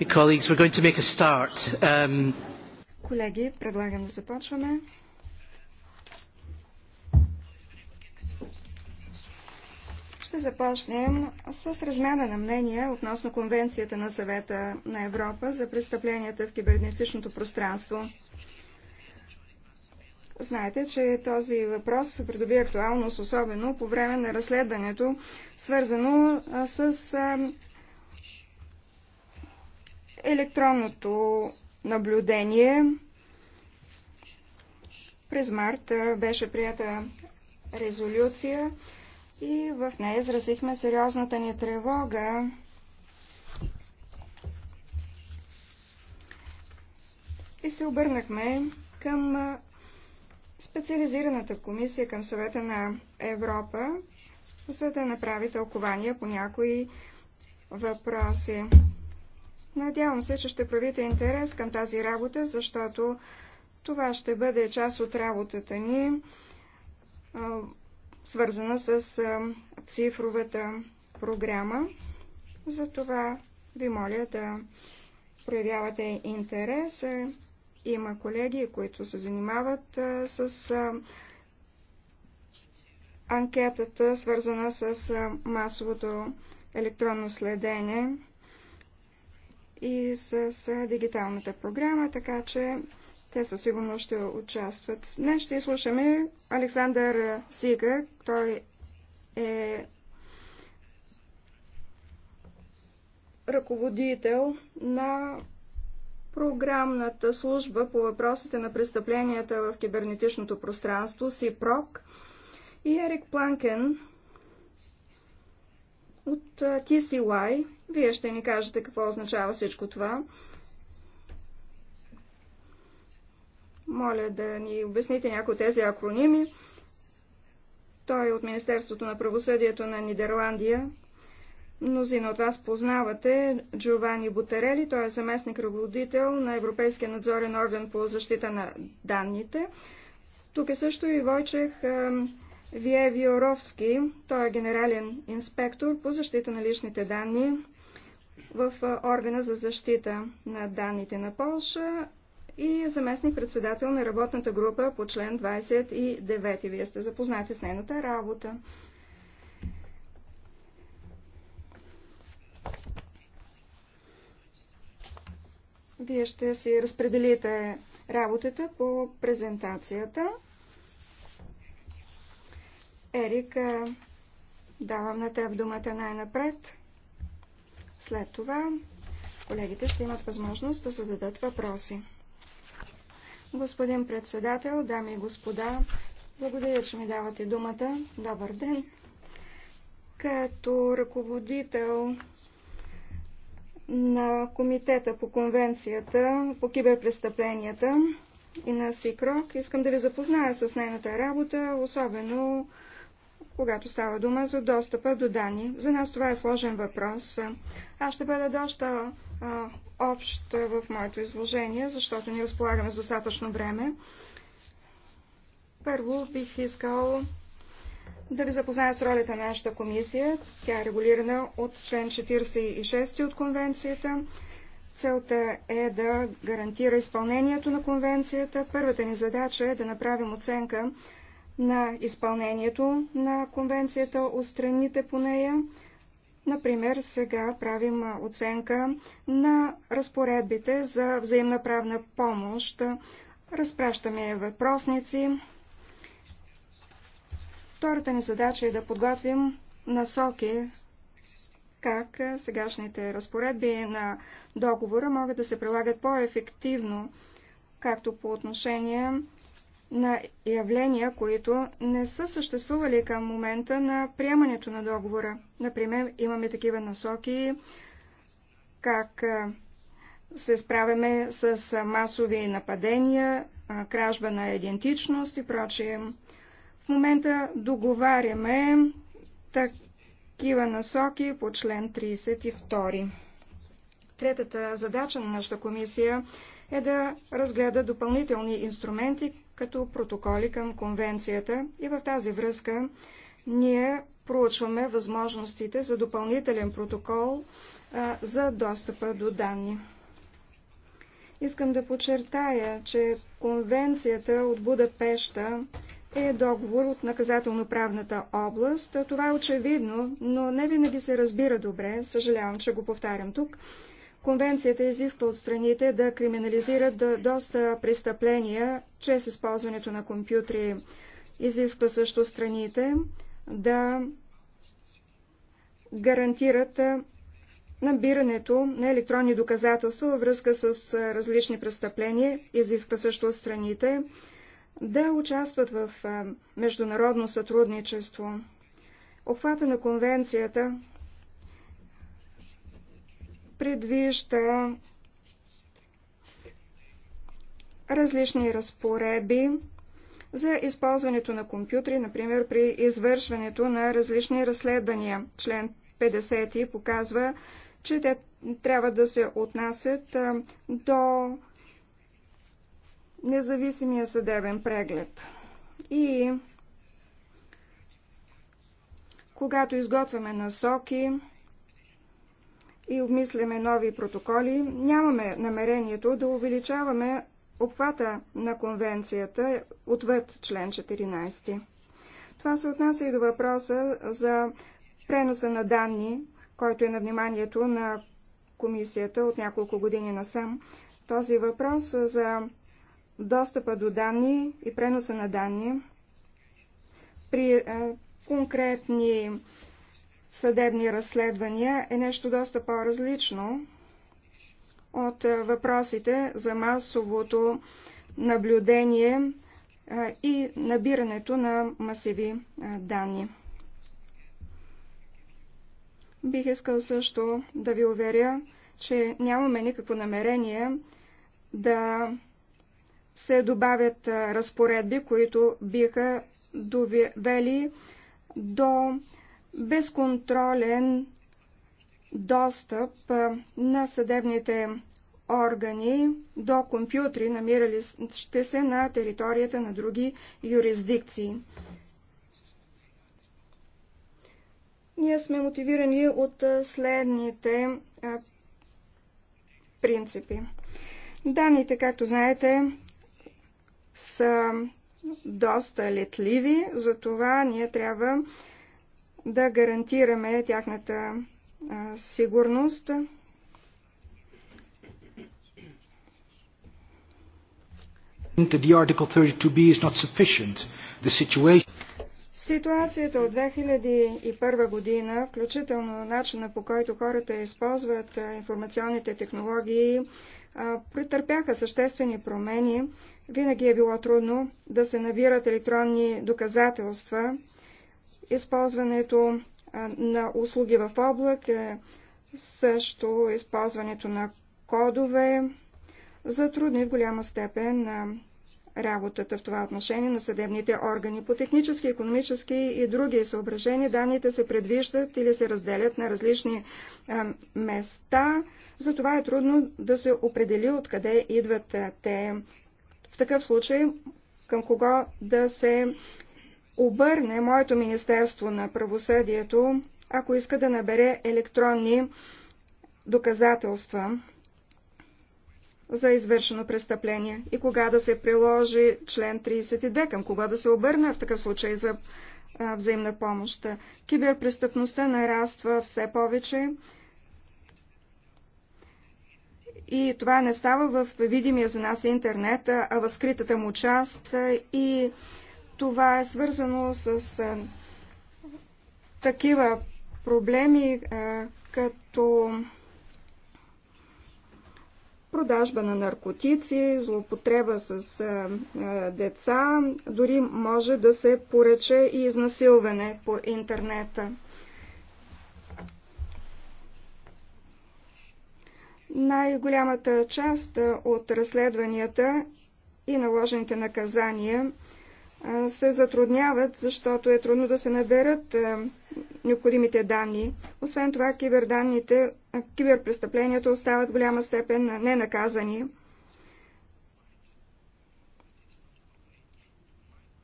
Um, Колеги, предлагам да започваме. Ще започнем с размяна на мнения относно Конвенцията на съвета на Европа за престъпленията в кибернетичното пространство. Знаете, че този въпрос придоби актуалност, особено по време на разследването, свързано с електронното наблюдение. През март беше прията резолюция и в нея изразихме сериозната ни тревога и се обърнахме към специализираната комисия към съвета на Европа, за да направи тълкования по някои въпроси. Надявам се, че ще правите интерес към тази работа, защото това ще бъде част от работата ни, свързана с цифровата програма. Затова ви моля да проявявате интерес. Има колеги, които се занимават с анкетата, свързана с масовото електронно следение и с, дигиталната програма, така че те със сигурност ще участват. Днес ще изслушаме Александър Сига. Той е ръководител на програмната служба по въпросите на престъпленията в кибернетичното пространство, СИПРОК, и Ерик Планкен, от TCY. Вие ще ни кажете какво означава всичко това. Моля да ни обясните някои от тези акроними. Той е от Министерството на правосъдието на Нидерландия. Мнозина от вас познавате Джовани Бутерели. той е заместник ръководител на Европейския надзорен орган по защита на данните. Тук е също и Войчех вие Виоровски, той е генерален инспектор по защита на личните данни в органа за защита на данните на Полша и заместник председател на работната група по член 29. Вие сте запознати с нейната работа. Вие ще си разпределите работата по презентацията. Ерик, давам на теб думата най-напред. След това колегите ще имат възможност да зададат въпроси. Господин председател, дами и господа, благодаря, че ми давате думата. Добър ден. Като ръководител на Комитета по конвенцията по киберпрестъпленията и на СИКРОК. Искам да ви запозная с нейната работа, особено когато става дума за достъпа до данни. За нас това е сложен въпрос. Аз ще бъда доста а, общ в моето изложение, защото ни разполагаме с достатъчно време. Първо бих искал да ви запозная с ролята на нашата комисия. Тя е регулирана от член 46 от конвенцията. Целта е да гарантира изпълнението на конвенцията. Първата ни задача е да направим оценка на изпълнението на конвенцията от страните по нея. Например, сега правим оценка на разпоредбите за взаимна правна помощ. Разпращаме въпросници. Втората ни задача е да подготвим насоки как сегашните разпоредби на договора могат да се прилагат по-ефективно, както по отношение на явления, които не са съществували към момента на приемането на договора. Например, имаме такива насоки, как се справяме с масови нападения, кражба на идентичност и прочие. В момента договаряме такива насоки по член 32. Третата задача на нашата комисия е да разгледа допълнителни инструменти, като протоколи към конвенцията и в тази връзка ние проучваме възможностите за допълнителен протокол а, за достъпа до данни. Искам да подчертая, че конвенцията от Будапешта е договор от наказателно-правната област. Това е очевидно, но не винаги се разбира добре. Съжалявам, че го повтарям тук. Конвенцията изисква от страните да криминализират доста престъпления чрез използването на компютри. Изисква също страните да гарантират набирането на електронни доказателства във връзка с различни престъпления. Изисква също от страните да участват в международно сътрудничество. Обхвата на конвенцията предвижда различни разпореби за използването на компютри, например при извършването на различни разследвания. Член 50 показва, че те трябва да се отнасят до независимия съдебен преглед. И когато изготвяме насоки, и обмисляме нови протоколи, нямаме намерението да увеличаваме обхвата на конвенцията отвъд член 14. Това се отнася и до въпроса за преноса на данни, който е на вниманието на комисията от няколко години насам. Този въпрос за достъпа до данни и преноса на данни при е, конкретни съдебни разследвания е нещо доста по-различно от въпросите за масовото наблюдение и набирането на масиви данни. Бих искал също да ви уверя, че нямаме никакво намерение да се добавят разпоредби, които биха довели до безконтролен достъп на съдебните органи до компютри, намирали ще се на територията на други юрисдикции. Ние сме мотивирани от следните принципи. Данните, както знаете, са доста летливи, затова ние трябва да гарантираме тяхната сигурност. Ситуацията от 2001 година, включително начина по който хората използват информационните технологии, претърпяха съществени промени. Винаги е било трудно да се набират електронни доказателства, използването на услуги в облак, е, също използването на кодове, затрудни в голяма степен работата в това отношение на съдебните органи. По технически, економически и други съображения данните се предвиждат или се разделят на различни места, затова е трудно да се определи откъде идват те. В такъв случай към кого да се обърне моето Министерство на правосъдието, ако иска да набере електронни доказателства за извършено престъпление и кога да се приложи член 32, към кога да се обърне в такъв случай за взаимна помощ. Киберпрестъпността нараства все повече и това не става в видимия за нас интернет, а в скритата му част и това е свързано с а, е, такива проблеми, а, е, като продажба на наркотици, злоупотреба с а, е, а, деца, дори може да се поръча и изнасилване по интернета. Най-голямата част от разследванията и наложените наказания се затрудняват, защото е трудно да се наберат необходимите данни. Освен това, киберданните, киберпрестъпленията остават в голяма степен ненаказани.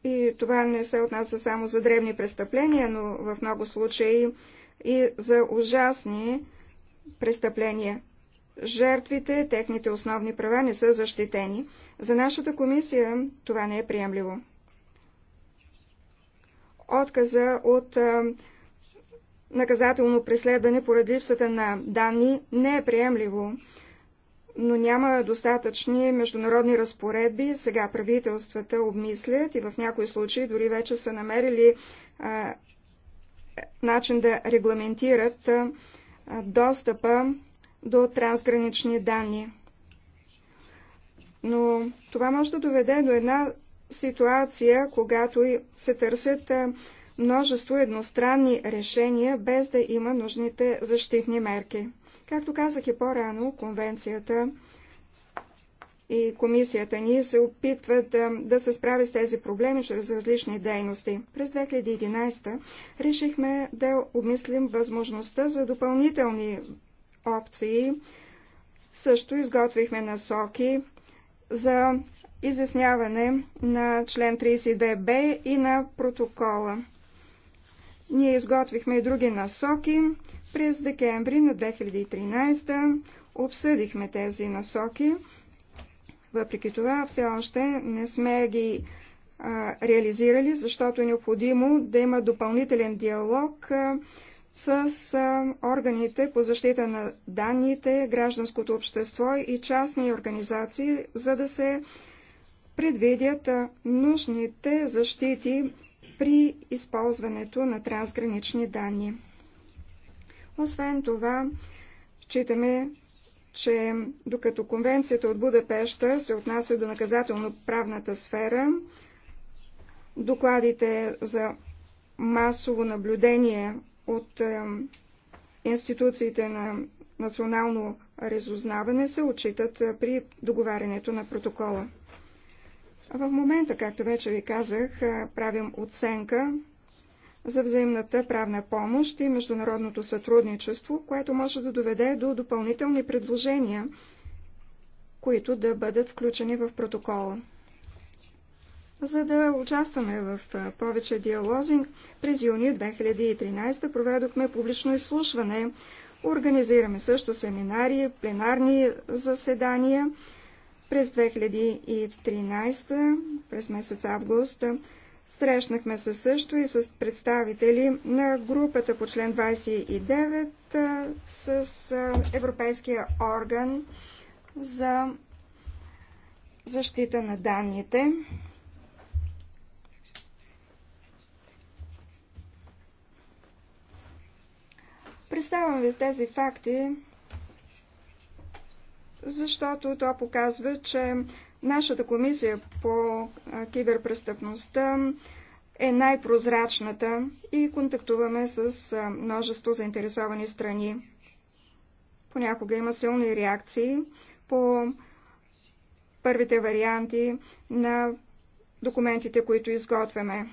И това не се отнася само за древни престъпления, но в много случаи и за ужасни престъпления. Жертвите, техните основни права не са защитени. За нашата комисия това не е приемливо отказа от наказателно преследване поради липсата на данни не е приемливо, но няма достатъчни международни разпоредби. Сега правителствата обмислят и в някои случаи дори вече са намерили а, начин да регламентират а, достъпа до трансгранични данни. Но това може да доведе до една ситуация, когато се търсят множество едностранни решения, без да има нужните защитни мерки. Както казах и по-рано, конвенцията и комисията ни се опитват да, да се справи с тези проблеми чрез различни дейности. През 2011 решихме да обмислим възможността за допълнителни опции. Също изготвихме насоки за изясняване на член 32б и на протокола. Ние изготвихме и други насоки. През декември на 2013 обсъдихме тези насоки. Въпреки това все още не сме ги а, реализирали, защото е необходимо да има допълнителен диалог а, с органите по защита на данните, гражданското общество и частни организации, за да се предвидят нужните защити при използването на трансгранични данни. Освен това, считаме, че докато конвенцията от Будапешта се отнася до наказателно-правната сфера, докладите за масово наблюдение от институциите на национално разузнаване се отчитат е, при договарянето на протокола. В момента, както вече ви казах, е, правим оценка за взаимната правна помощ и международното сътрудничество, което може да доведе до допълнителни предложения, които да бъдат включени в протокола за да участваме в повече диалози. През юни 2013 проведохме публично изслушване. Организираме също семинари, пленарни заседания. През 2013, през месец август, срещнахме се също и с представители на групата по член 29 с Европейския орган за защита на данните. Представям ви тези факти, защото това показва, че нашата комисия по киберпрестъпността е най-прозрачната и контактуваме с множество заинтересовани страни. Понякога има силни реакции по първите варианти на документите, които изготвяме.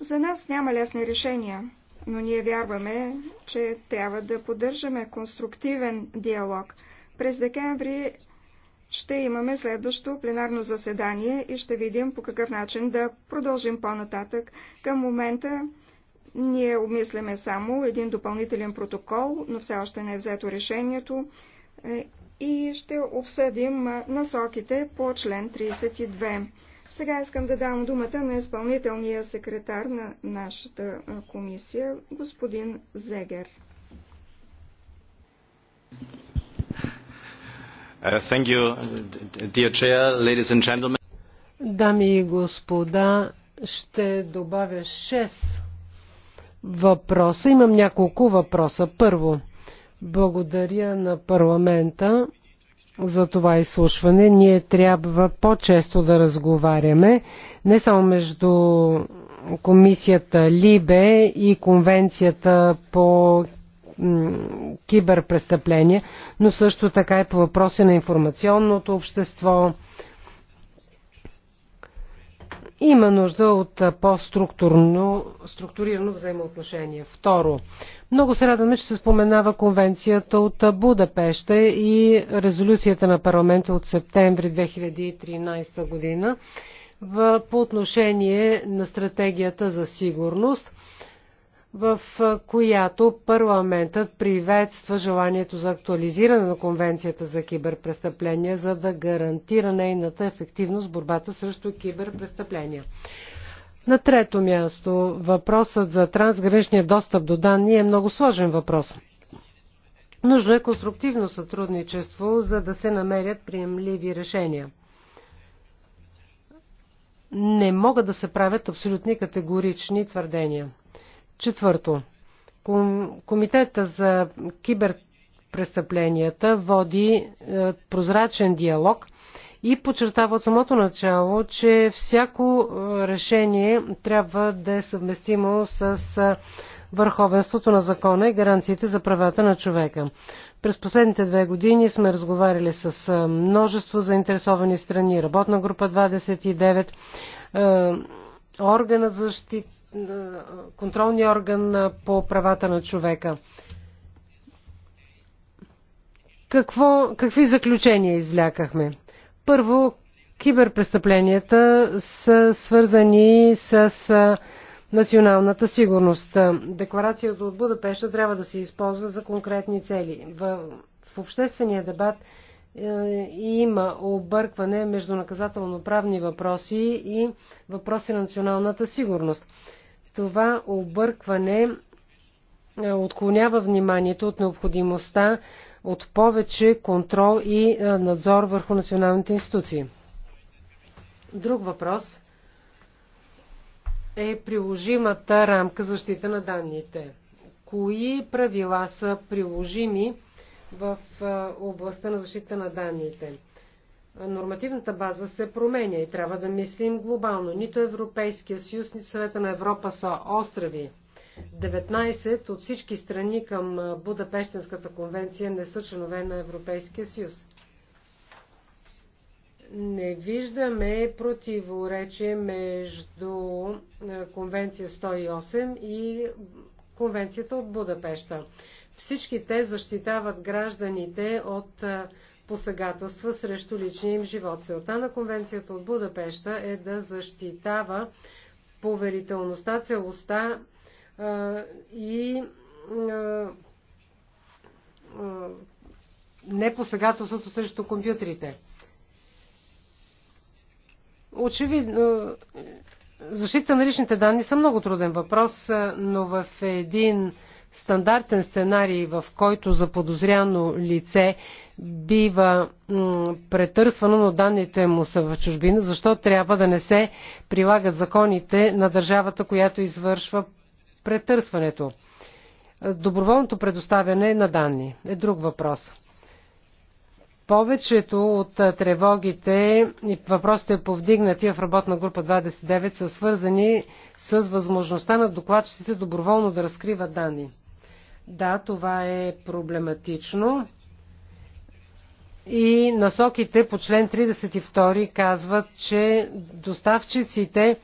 За нас няма лесни решения, но ние вярваме, че трябва да поддържаме конструктивен диалог. През декември ще имаме следващо пленарно заседание и ще видим по какъв начин да продължим по-нататък. Към момента ние обмисляме само един допълнителен протокол, но все още не е взето решението е, и ще обсъдим насоките по член 32. Сега искам да дам думата на изпълнителния секретар на нашата комисия, господин Зегер. Uh, you, Дами и господа, ще добавя 6 въпроса. Имам няколко въпроса. Първо, благодаря на парламента за това изслушване. Ние трябва по-често да разговаряме, не само между комисията Либе и конвенцията по киберпрестъпления, но също така и по въпроси на информационното общество, има нужда от по-структурно структурирано взаимоотношение. Второ, много се радваме, че се споменава конвенцията от Будапеща и резолюцията на парламента от септември 2013 година по отношение на стратегията за сигурност в която парламентът приветства желанието за актуализиране на Конвенцията за киберпрестъпления, за да гарантира нейната ефективност в борбата срещу киберпрестъпления. На трето място, въпросът за трансграничния достъп до данни е много сложен въпрос. Нужно е конструктивно сътрудничество, за да се намерят приемливи решения. Не могат да се правят абсолютни категорични твърдения. Четвърто. Комитета за киберпрестъпленията води е, прозрачен диалог и подчертава от самото начало, че всяко е, решение трябва да е съвместимо с е, върховенството на закона и гаранциите за правата на човека. През последните две години сме разговаряли с множество заинтересовани страни, работна група 29, органът за защита контролния орган по правата на човека. Какво, какви заключения извлякахме? Първо, киберпрестъпленията са свързани с националната сигурност. Декларацията от Будапешта трябва да се използва за конкретни цели. В, в обществения дебат е, има объркване между наказателно-правни въпроси и въпроси на националната сигурност. Това объркване е, отклонява вниманието от необходимостта от повече контрол и е, надзор върху националните институции. Друг въпрос е приложимата рамка защита на данните. Кои правила са приложими в е, областта на защита на данните? нормативната база се променя и трябва да мислим глобално. Нито Европейския съюз, нито Съвета на Европа са острови. 19 от всички страни към Будапештенската конвенция не са членове на Европейския съюз. Не виждаме противоречие между Конвенция 108 и Конвенцията от Будапешта. Всички те защитават гражданите от посегателства срещу личния им живот. Целта на конвенцията от Будапешта е да защитава поверителността, целостта и непосегателството срещу компютрите. Очевидно, защита на личните данни са много труден въпрос, но в един стандартен сценарий, в който заподозряно лице бива претърсвано, но данните му са в чужбина. Защо трябва да не се прилагат законите на държавата, която извършва претърсването? Доброволното предоставяне на данни е друг въпрос. Повечето от тревогите и въпросите повдигнати в работна група 29 са свързани с възможността на докладчиците доброволно да разкриват данни. Да, това е проблематично. И насоките по член 32 казват, че доставчиците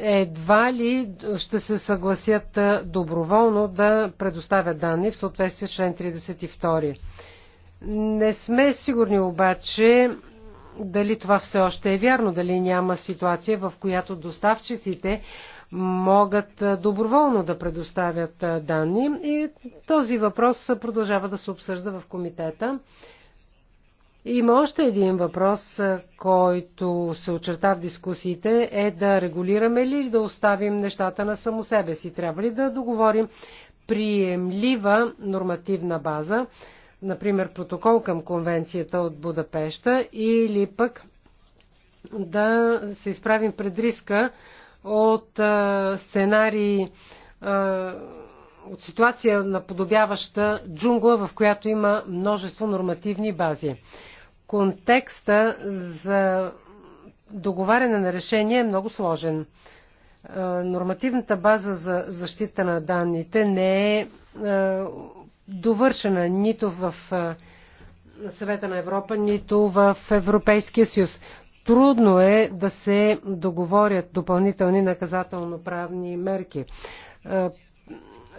едва ли ще се съгласят доброволно да предоставят данни в съответствие с член 32. Не сме сигурни обаче дали това все още е вярно, дали няма ситуация, в която доставчиците могат доброволно да предоставят данни и този въпрос продължава да се обсъжда в комитета. Има още един въпрос, който се очерта в дискусиите, е да регулираме ли или да оставим нещата на само себе си. Трябва ли да договорим приемлива нормативна база, например протокол към конвенцията от Будапешта, или пък да се изправим пред риска от сценарии, от ситуация наподобяваща джунгла, в която има множество нормативни бази. Контекста за договаряне на решение е много сложен. Нормативната база за защита на данните не е довършена нито в Съвета на Европа, нито в Европейския съюз. Трудно е да се договорят допълнителни наказателно-правни мерки. Е,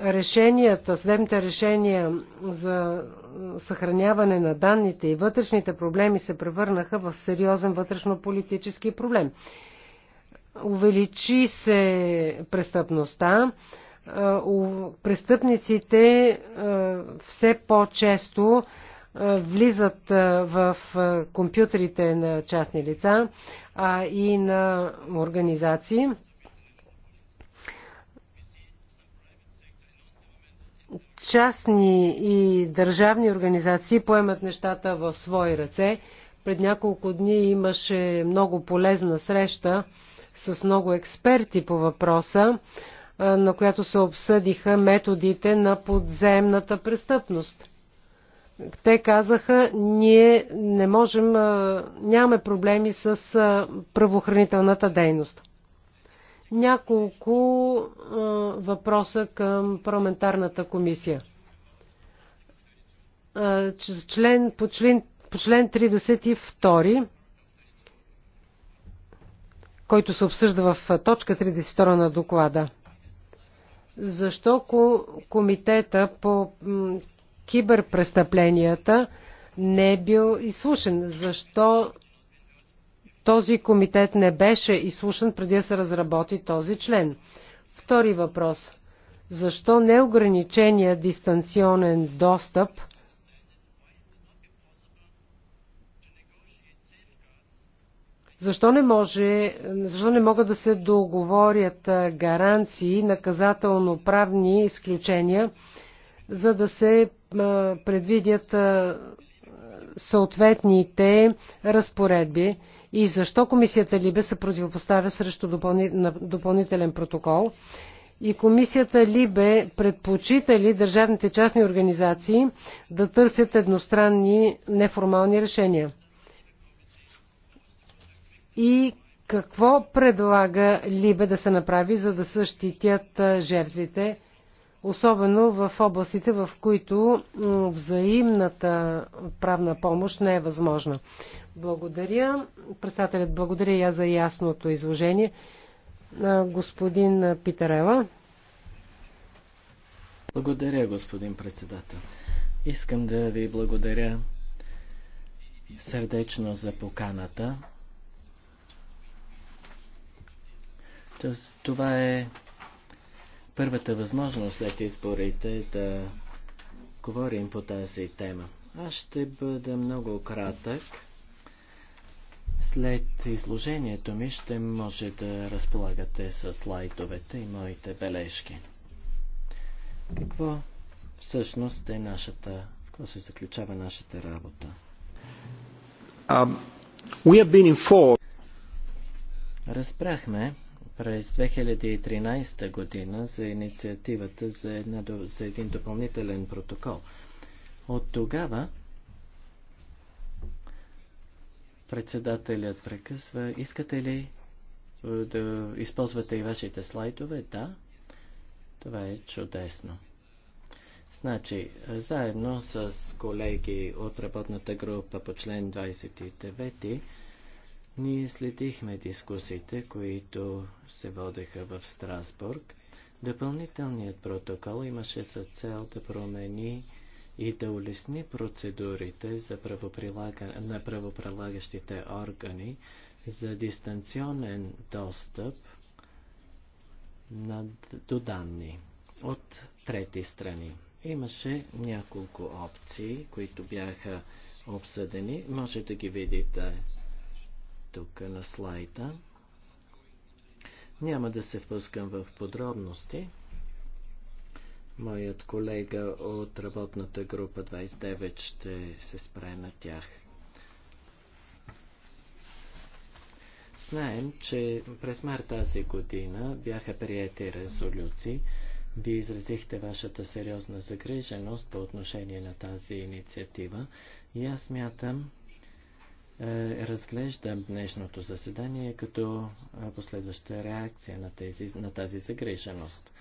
решенията, следните решения за е, съхраняване на данните и вътрешните проблеми се превърнаха в сериозен вътрешно-политически проблем. Увеличи се престъпността, е, престъпниците все по-често влизат в компютрите на частни лица а и на организации. Частни и държавни организации поемат нещата в свои ръце. Пред няколко дни имаше много полезна среща с много експерти по въпроса, на която се обсъдиха методите на подземната престъпност. Те казаха, ние не можем, нямаме проблеми с правоохранителната дейност. Няколко въпроса към парламентарната комисия. Член, по, член, по член 32 който се обсъжда в точка 32 на доклада. Защо комитета по киберпрестъпленията не е бил изслушен. Защо този комитет не беше изслушан преди да се разработи този член? Втори въпрос. Защо неограничения дистанционен достъп Защо не, може, защо не могат да се договорят гаранции, наказателно-правни изключения, за да се предвидят съответните разпоредби и защо комисията Либе се противопоставя срещу допълни, допълнителен протокол и комисията Либе предпочита ли държавните частни организации да търсят едностранни неформални решения? И какво предлага Либе да се направи, за да защитят жертвите? особено в областите, в които взаимната правна помощ не е възможна. Благодаря. Председателят, благодаря я за ясното изложение. Господин Питарела. Благодаря, господин председател. Искам да ви благодаря сърдечно за поканата. Това е първата възможност след изборите е да говорим по тази тема. Аз ще бъда много кратък. След изложението ми ще може да разполагате с слайдовете и моите бележки. Какво всъщност е нашата, в какво се заключава нашата работа? Um, we have been informed. Разбрахме, през 2013 година за инициативата за, една, за един допълнителен протокол. От тогава председателят прекъсва. Искате ли е, да използвате и вашите слайдове? Да. Това е чудесно. Значи, заедно с колеги от работната група по член 29 ние следихме дискусиите, които се водеха в Страсбург. Допълнителният протокол имаше за цел да промени и да улесни процедурите за правоприлага... на правоприлагащите органи за дистанционен достъп на... до данни от трети страни. Имаше няколко опции, които бяха обсъдени. Може да ги видите тук на слайда. Няма да се впускам в подробности. Моят колега от работната група 29 ще се спре на тях. Знаем, че през март тази година бяха приети резолюции. Вие изразихте вашата сериозна загриженост по отношение на тази инициатива и аз мятам, е, разглеждам днешното заседание като е, последваща реакция на, тези, на тази загриженост.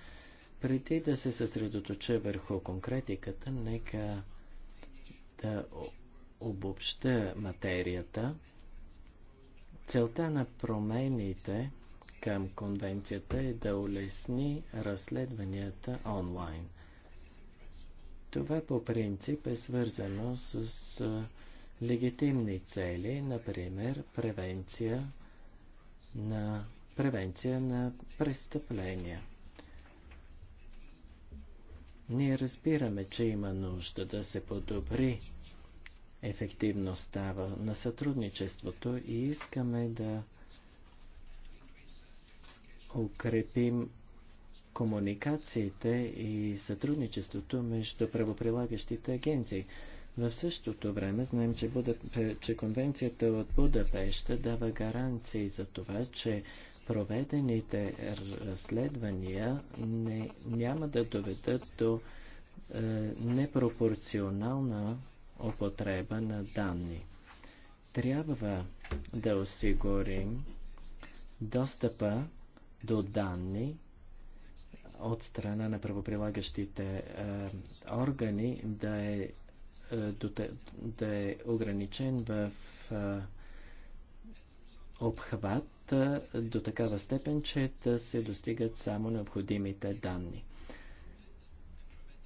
Преди да се съсредоточа върху конкретиката, нека да обобща материята. Целта на промените към конвенцията е да улесни разследванията онлайн. Това по принцип е свързано с е, легитимни цели, например превенция на, превенция на престъпления. Ние разбираме, че има нужда да се подобри ефективността на сътрудничеството и искаме да укрепим комуникациите и сътрудничеството между правоприлагащите агенции. В същото време знаем, че, Буда, че конвенцията от Будапешта дава гаранции за това, че проведените разследвания не, няма да доведат до е, непропорционална употреба на данни. Трябва да осигурим достъпа до данни от страна на правоприлагащите е, органи да е е, да е ограничен в е, обхват е, до такава степен, че да се достигат само необходимите данни.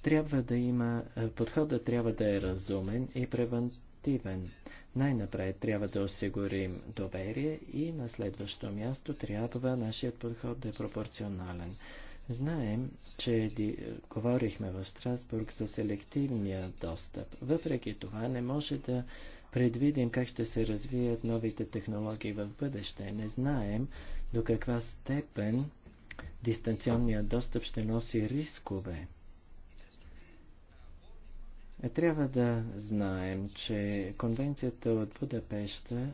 Трябва да има, подходът трябва да е разумен и превентивен. Най-напред трябва да осигурим доверие и на следващо място трябва нашият подход да е пропорционален. Знаем, че говорихме в Страсбург за селективния достъп. Въпреки това не може да предвидим как ще се развият новите технологии в бъдеще. Не знаем до каква степен дистанционният достъп ще носи рискове. Е, трябва да знаем, че конвенцията от Будапешта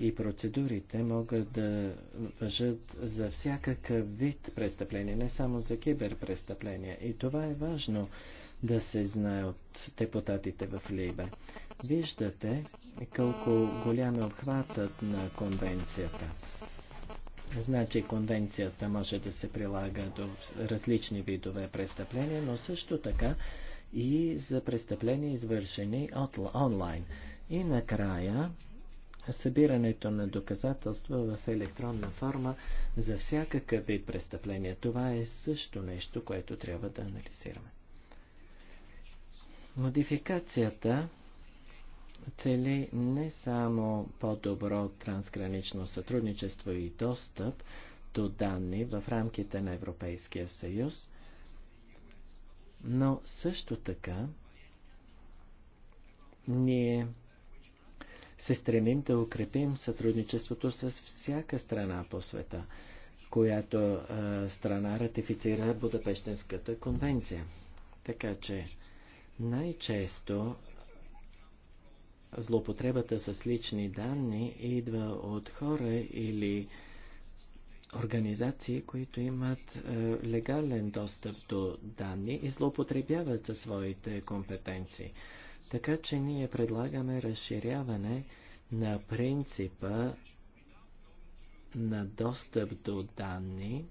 и процедурите могат да въжат за всякакъв вид престъпления, не само за киберпрестъпления. И това е важно да се знае от депутатите в Либе. Виждате колко голям е обхватът на конвенцията. Значи конвенцията може да се прилага до различни видове престъпления, но също така и за престъпления, извършени онлайн. И накрая събирането на доказателства в електронна форма за всякакъв вид престъпления. Това е също нещо, което трябва да анализираме. Модификацията цели не само по-добро трансгранично сътрудничество и достъп до данни в рамките на Европейския съюз, но също така ние се стремим да укрепим сътрудничеството с всяка страна по света, която а, страна ратифицира Будапештенската конвенция. Така че най-често злоупотребата с лични данни идва от хора или организации, които имат е, легален достъп до данни и злоупотребяват със своите компетенции. Така че ние предлагаме разширяване на принципа на достъп до данни,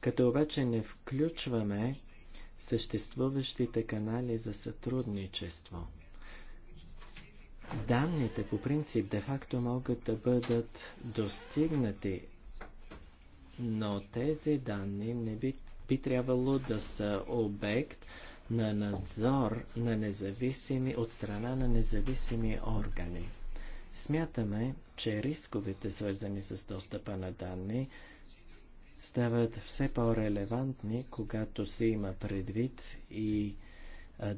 като обаче не включваме съществуващите канали за сътрудничество. Данните по принцип де-факто могат да бъдат достигнати, но тези данни не би, би трябвало да са обект на надзор на независими, от страна на независими органи. Смятаме, че рисковете, свързани с достъпа на данни, стават все по-релевантни, когато се има предвид и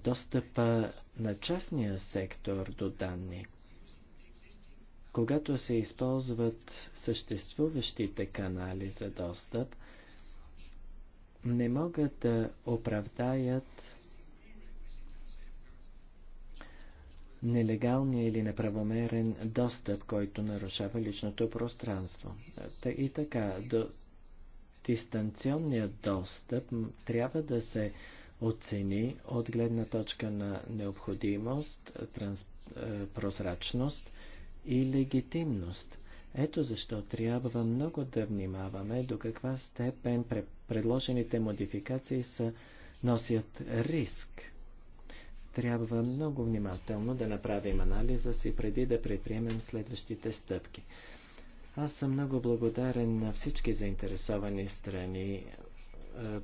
достъпа на частния сектор до данни. Когато се използват съществуващите канали за достъп, не могат да оправдаят нелегалния или неправомерен достъп, който нарушава личното пространство. И така, до дистанционният достъп трябва да се оцени от гледна точка на необходимост, транс, е, прозрачност и легитимност. Ето защо трябва много да внимаваме до каква степен предложените модификации са, носят риск трябва много внимателно да направим анализа си преди да предприемем следващите стъпки. Аз съм много благодарен на всички заинтересовани страни, е,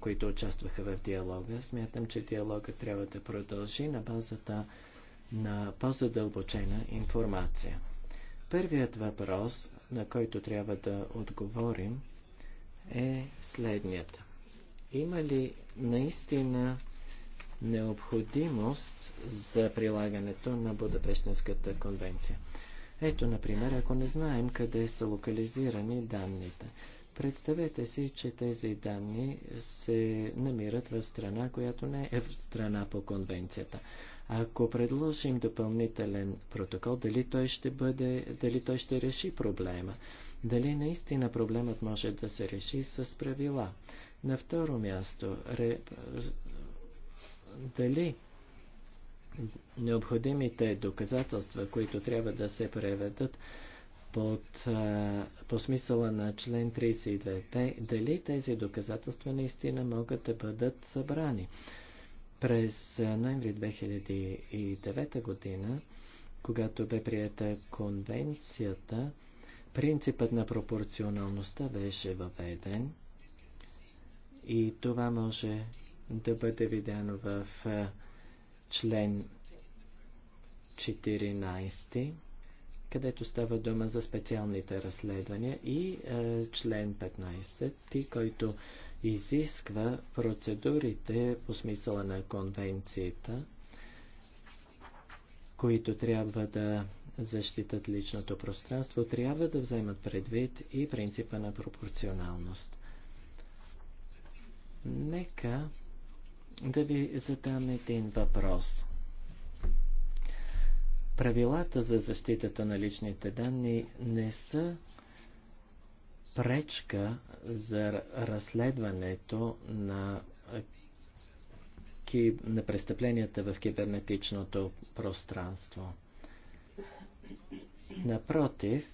които участваха в диалога. Смятам, че диалога трябва да продължи на базата на по-задълбочена информация. Първият въпрос, на който трябва да отговорим, е следният. Има ли наистина необходимост за прилагането на Будапештинската конвенция. Ето, например, ако не знаем къде са локализирани данните. Представете си, че тези данни се намират в страна, която не е в страна по конвенцията. Ако предложим допълнителен протокол, дали той ще, бъде, дали той ще реши проблема? Дали наистина проблемът може да се реши с правила? На второ място, дали необходимите доказателства, които трябва да се преведат под, по смисъла на член 32 дали тези доказателства наистина могат да бъдат събрани. През ноември 2009 година, когато бе приета конвенцията, принципът на пропорционалността беше въведен и това може да бъде видяно в член 14, където става дума за специалните разследвания и член 15, който изисква процедурите по смисъла на конвенцията, които трябва да защитат личното пространство, трябва да вземат предвид и принципа на пропорционалност. Нека да ви задам един въпрос. Правилата за защитата на личните данни не са пречка за разследването на, на престъпленията в кибернетичното пространство. Напротив,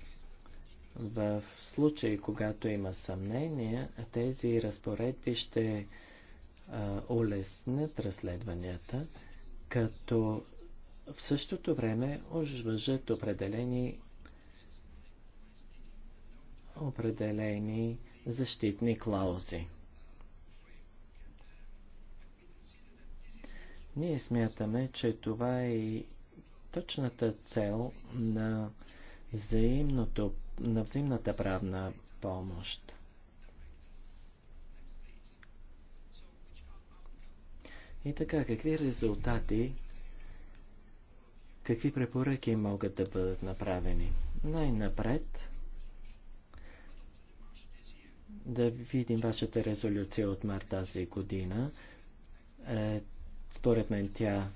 в случай, когато има съмнение, тези разпоредби ще улеснят разследванията, като в същото време ожвъжат определени определени защитни клаузи. Ние смятаме, че това е и точната цел на, взаимното, на взаимната правна помощ. И така, какви резултати, какви препоръки могат да бъдат направени? Най-напред да видим вашата резолюция от март тази година. Е, според мен тя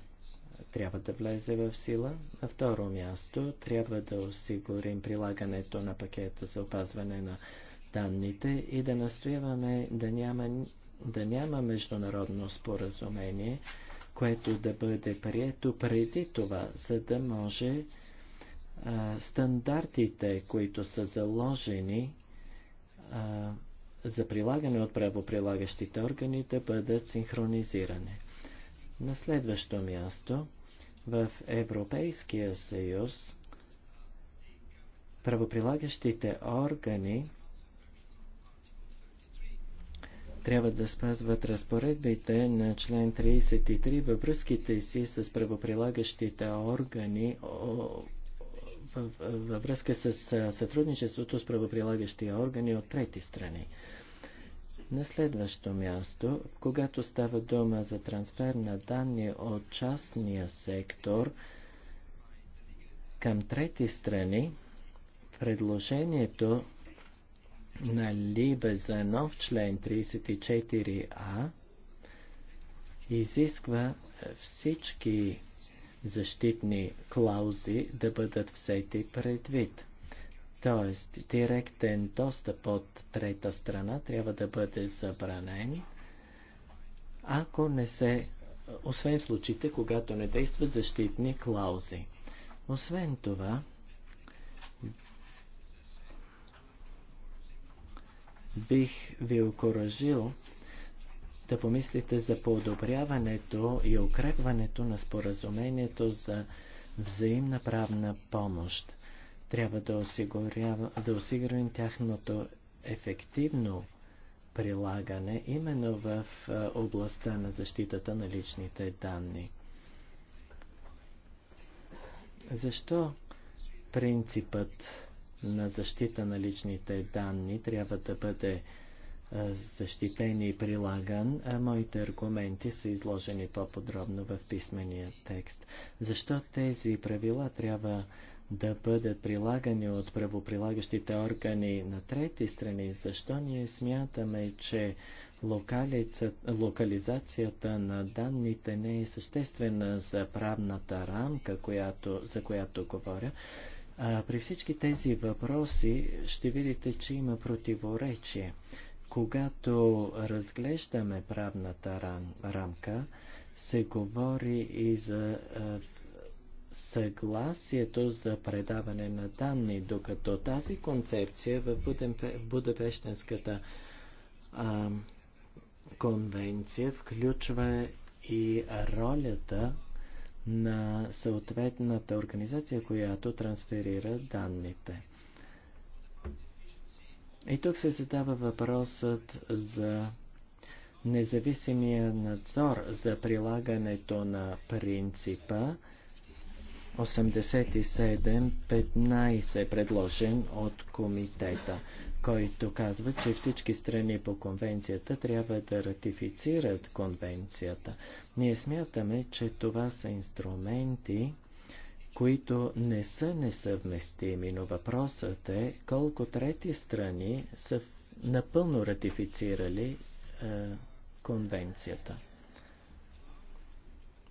трябва да влезе в сила. На второ място трябва да осигурим прилагането на пакета за опазване на данните и да настояваме да няма да няма международно споразумение, което да бъде прието преди това, за да може а, стандартите, които са заложени а, за прилагане от правоприлагащите органи, да бъдат синхронизирани. На следващо място, в Европейския съюз правоприлагащите органи трябва да спазват разпоредбите на член 33 във връзките си с правоприлагащите органи във връзка с сътрудничеството с правоприлагащи органи от трети страни. На следващо място, когато става дума за трансфер на данни от частния сектор към трети страни, предложението на Либе за нов член 34А изисква всички защитни клаузи да бъдат взети предвид. Тоест, директен достъп от трета страна трябва да бъде забранен, ако не се, освен в случаите, когато не действат защитни клаузи. Освен това, бих ви окоръжил да помислите за подобряването и укрепването на споразумението за взаимна правна помощ. Трябва да, да осигурим тяхното ефективно прилагане именно в е, областта на защитата на личните данни. Защо принципът на защита на личните данни трябва да бъде е, защитен и прилаган, а моите аргументи са изложени по-подробно в писмения текст. Защо тези правила трябва да бъдат прилагани от правоприлагащите органи на трети страни? Защо ние смятаме, че локализацията на данните не е съществена за правната рамка, която, за която говоря? При всички тези въпроси ще видите, че има противоречие. Когато разглеждаме правната рам, рамка, се говори и за съгласието за предаване на данни, докато тази концепция в Будапештенската конвенция включва и ролята на съответната организация, която трансферира данните. И тук се задава въпросът за независимия надзор за прилагането на принципа 87-15, предложен от комитета, който казва, че всички страни по конвенцията трябва да ратифицират конвенцията. Ние смятаме, че това са инструменти, които не са несъвместими, но въпросът е колко трети страни са напълно ратифицирали е, конвенцията.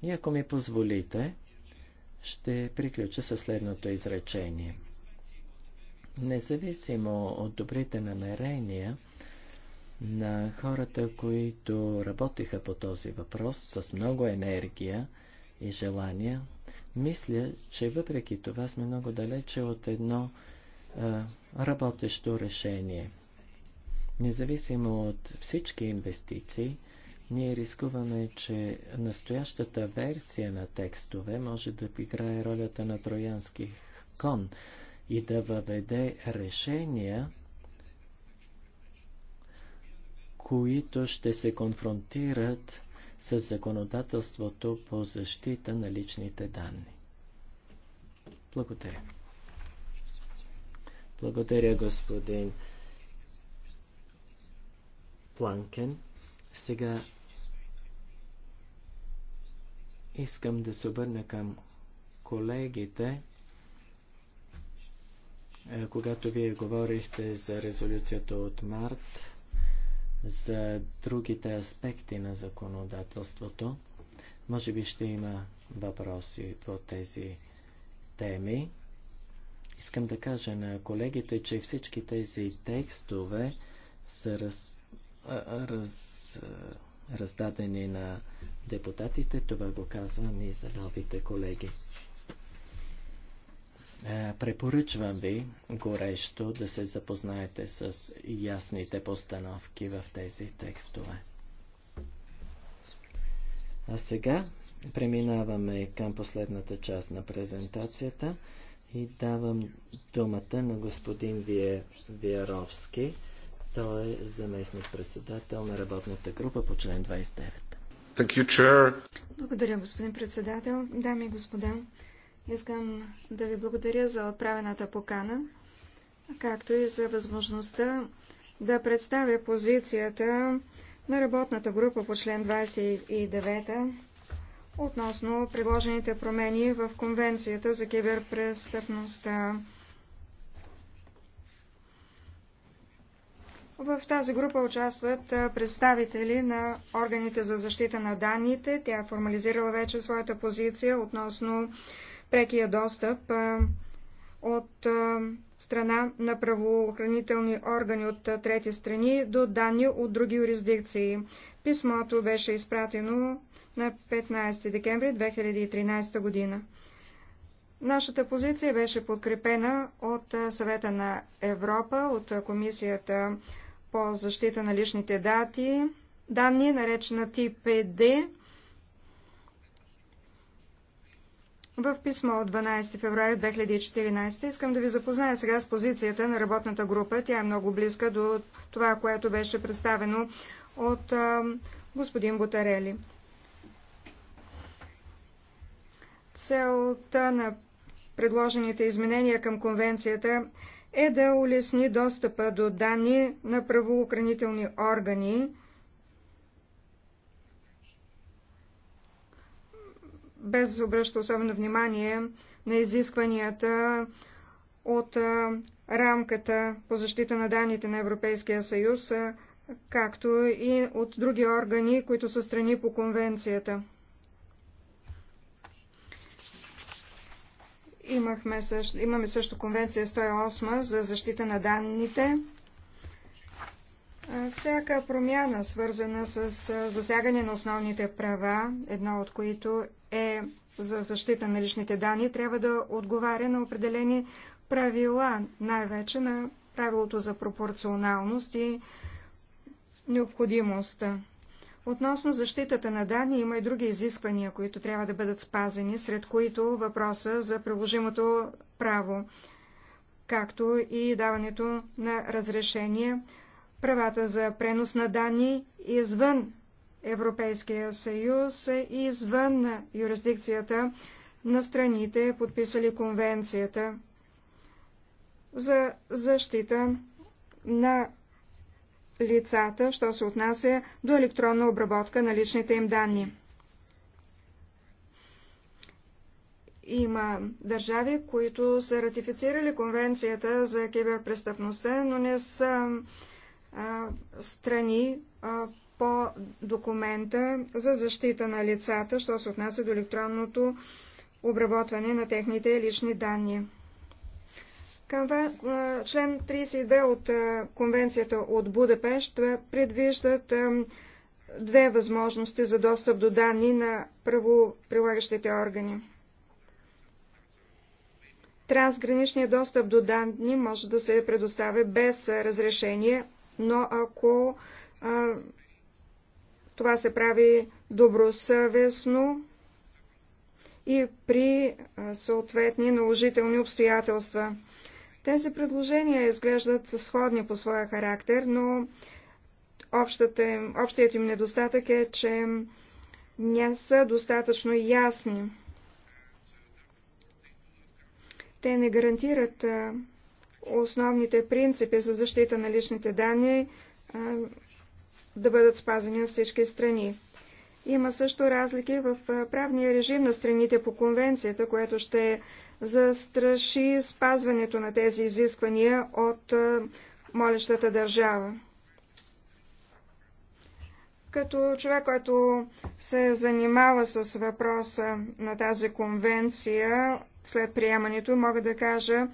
И ако ми позволите, ще приключа със следното изречение. Независимо от добрите намерения на хората, които работиха по този въпрос с много енергия и желания, мисля, че въпреки това сме много далече от едно а, работещо решение. Независимо от всички инвестиции, ние рискуваме, че настоящата версия на текстове може да играе ролята на троянски кон и да въведе решения, които ще се конфронтират с законодателството по защита на личните данни. Благодаря. Благодаря, господин Планкен. Сега Искам да се обърна към колегите, е, когато вие говорихте за резолюцията от март, за другите аспекти на законодателството. Може би ще има въпроси по тези теми. Искам да кажа на колегите, че всички тези текстове са раз, раз, раздадени на депутатите. Това го казвам и за новите колеги. Е, препоръчвам ви горещо да се запознаете с ясните постановки в тези текстове. А сега преминаваме към последната част на презентацията и давам думата на господин Вие, Виеровски. Той е заместник-председател на работната група по член 29. You, благодаря, господин председател. Дами и господа, искам да ви благодаря за отправената покана, както и за възможността да представя позицията на работната група по член 29 относно предложените промени в Конвенцията за киберпрестъпността. В тази група участват представители на органите за защита на данните. Тя е формализирала вече своята позиция относно прекия достъп от страна на правоохранителни органи от трети страни до данни от други юрисдикции. Писмото беше изпратено на 15 декември 2013 година. Нашата позиция беше подкрепена от Съвета на Европа, от Комисията по защита на личните дати, данни, наречена ТПД. В писмо от 12 февруари 2014 искам да ви запозная сега с позицията на работната група. Тя е много близка до това, което беше представено от а, господин Бутарели. Целта на предложените изменения към конвенцията е да улесни достъпа до данни на правоохранителни органи, без обръща особено внимание на изискванията от рамката по защита на данните на Европейския съюз, както и от други органи, които са страни по конвенцията. Имахме също, имаме също конвенция 108 за защита на данните. Всяка промяна, свързана с засягане на основните права, едно от които е за защита на личните данни, трябва да отговаря на определени правила, най-вече на правилото за пропорционалност и необходимост. Относно защитата на данни има и други изисквания, които трябва да бъдат спазени, сред които въпроса за приложимото право, както и даването на разрешение, правата за пренос на данни извън Европейския съюз и извън юрисдикцията на страните, подписали конвенцията за защита на лицата, що се отнася до електронна обработка на личните им данни. Има държави, които са ратифицирали конвенцията за киберпрестъпността, но не са а, страни а, по документа за защита на лицата, що се отнася до електронното обработване на техните лични данни член 32 от Конвенцията от Будапешт предвиждат две възможности за достъп до данни на правоприлагащите органи. Трансграничният достъп до данни може да се предоставя без разрешение, но ако а, това се прави добросъвестно и при съответни наложителни обстоятелства. Тези предложения изглеждат сходни по своя характер, но общият им недостатък е, че не са достатъчно ясни. Те не гарантират основните принципи за защита на личните данни да бъдат спазени във всички страни. Има също разлики в правния режим на страните по конвенцията, което ще застраши спазването на тези изисквания от молещата държава. Като човек, който се занимава с въпроса на тази конвенция след приемането, мога да кажа,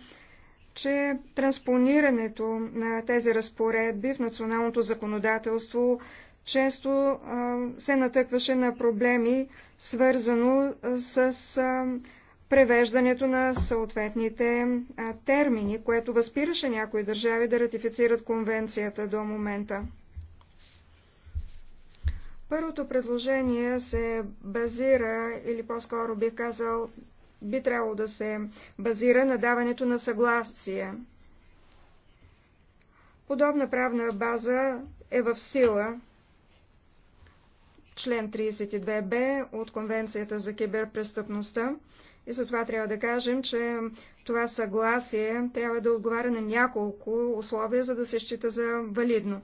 че транспонирането на тези разпоредби в националното законодателство често а, се натъкваше на проблеми, свързано с а, превеждането на съответните а, термини, което възпираше някои държави да ратифицират конвенцията до момента. Първото предложение се базира, или по-скоро бих казал, би трябвало да се базира на даването на съгласие. Подобна правна база е в сила член 32б от Конвенцията за киберпрестъпността, и затова трябва да кажем, че това съгласие трябва да отговаря на няколко условия, за да се счита за валидно.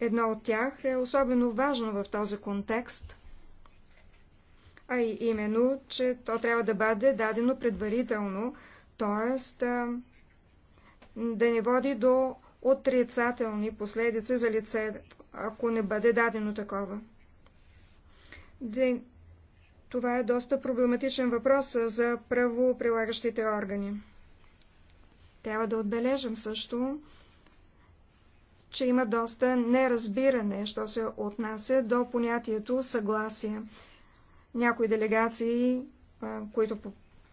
Едно от тях е особено важно в този контекст, а и именно, че то трябва да бъде дадено предварително, т.е. да не води до отрицателни последици за лице, ако не бъде дадено такова. Това е доста проблематичен въпрос за правоприлагащите органи. Трябва да отбележим също, че има доста неразбиране, що се отнася до понятието съгласие. Някои делегации, които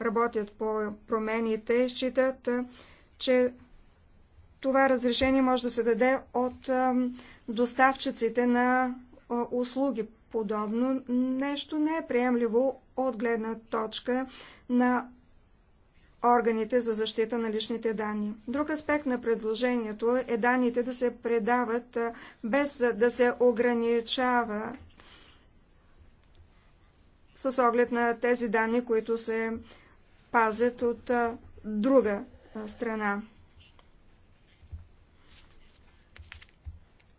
работят по промените, считат, че това разрешение може да се даде от доставчиците на услуги подобно нещо не е приемливо от гледна точка на органите за защита на личните данни. Друг аспект на предложението е данните да се предават без да се ограничава с оглед на тези данни, които се пазят от друга страна.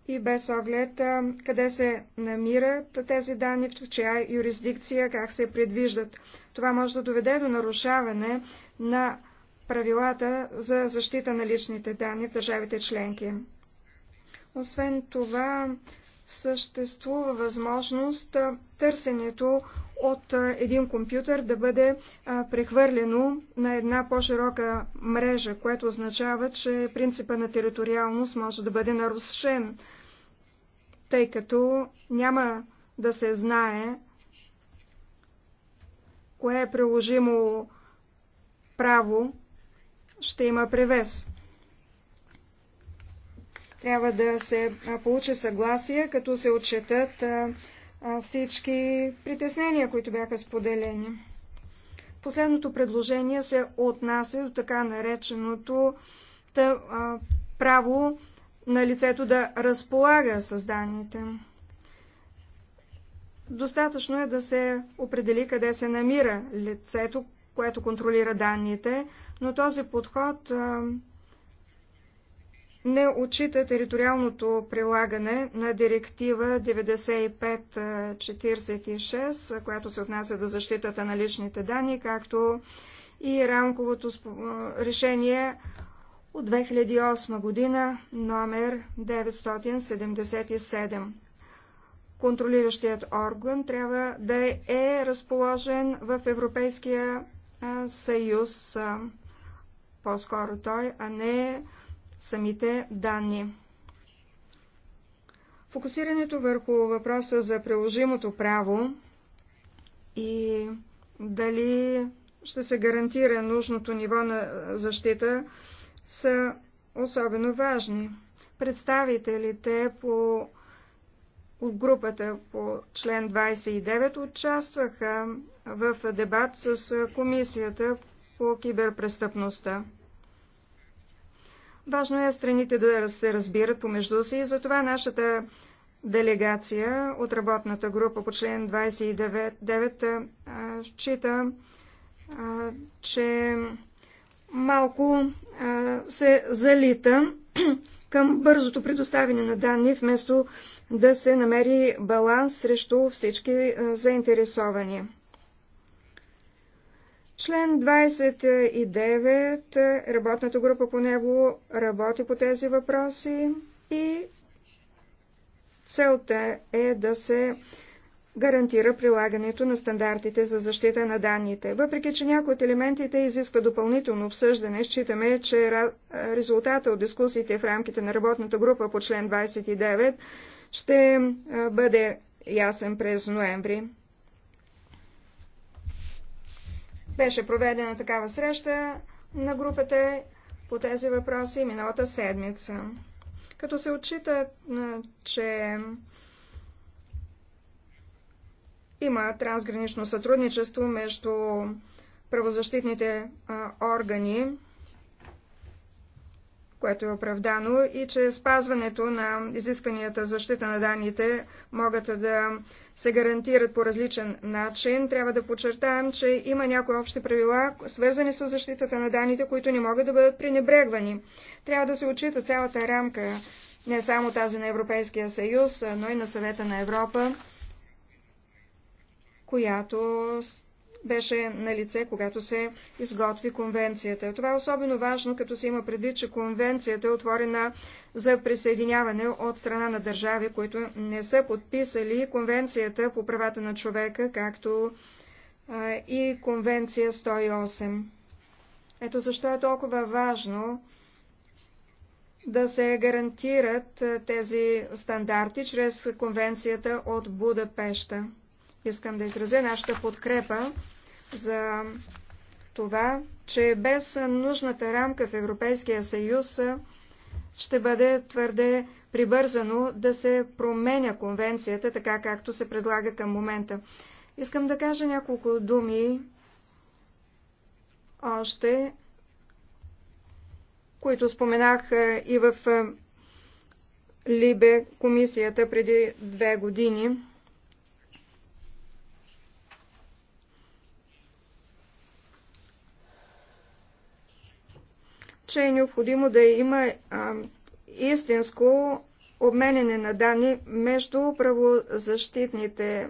и без оглед къде се намират тези данни, в чия юрисдикция, как се предвиждат. Това може да доведе до нарушаване на правилата за защита на личните данни в държавите членки. Освен това, съществува възможност търсенето от един компютър да бъде прехвърлено на една по-широка мрежа, което означава, че принципа на териториалност може да бъде нарушен, тъй като няма да се знае кое е приложимо право, ще има превес трябва да се получи съгласие, като се отчетат всички притеснения, които бяха споделени. Последното предложение се отнася до така нареченото тъ, а, право на лицето да разполага създаните. Достатъчно е да се определи къде се намира лицето, което контролира данните, но този подход а, не отчита териториалното прилагане на директива 9546, която се отнася до защитата на личните данни, както и рамковото решение от 2008 година, номер 977. Контролиращият орган трябва да е разположен в Европейския съюз, по-скоро той, а не самите данни. Фокусирането върху въпроса за приложимото право и дали ще се гарантира нужното ниво на защита са особено важни. Представителите по от групата по член 29 участваха в дебат с Комисията по киберпрестъпността. Важно е страните да се разбират помежду си и затова нашата делегация от работната група по член 29 счита, че малко се залита към бързото предоставяне на данни, вместо да се намери баланс срещу всички заинтересовани. Член 29, работната група по него работи по тези въпроси и целта е да се гарантира прилагането на стандартите за защита на данните. Въпреки, че някои от елементите изисква допълнително обсъждане, считаме, че резултата от дискусиите в рамките на работната група по член 29 ще бъде ясен през ноември. Беше проведена такава среща на групата по тези въпроси миналата седмица. Като се отчита, че има трансгранично сътрудничество между правозащитните органи, което е оправдано и че спазването на изискванията за защита на данните могат да се гарантират по различен начин. Трябва да подчертаем, че има някои общи правила, свързани с защитата на данните, които не могат да бъдат пренебрегвани. Трябва да се отчита цялата рамка, не само тази на Европейския съюз, но и на съвета на Европа, която беше на лице, когато се изготви конвенцията. Това е особено важно, като се има предвид, че конвенцията е отворена за присъединяване от страна на държави, които не са подписали конвенцията по правата на човека, както и конвенция 108. Ето защо е толкова важно да се гарантират тези стандарти чрез конвенцията от Будапешта. Искам да изразя нашата подкрепа за това, че без нужната рамка в Европейския съюз ще бъде твърде прибързано да се променя конвенцията, така както се предлага към момента. Искам да кажа няколко думи още, които споменах и в Либе комисията преди две години. че е необходимо да има а, истинско обменене на данни между правозащитните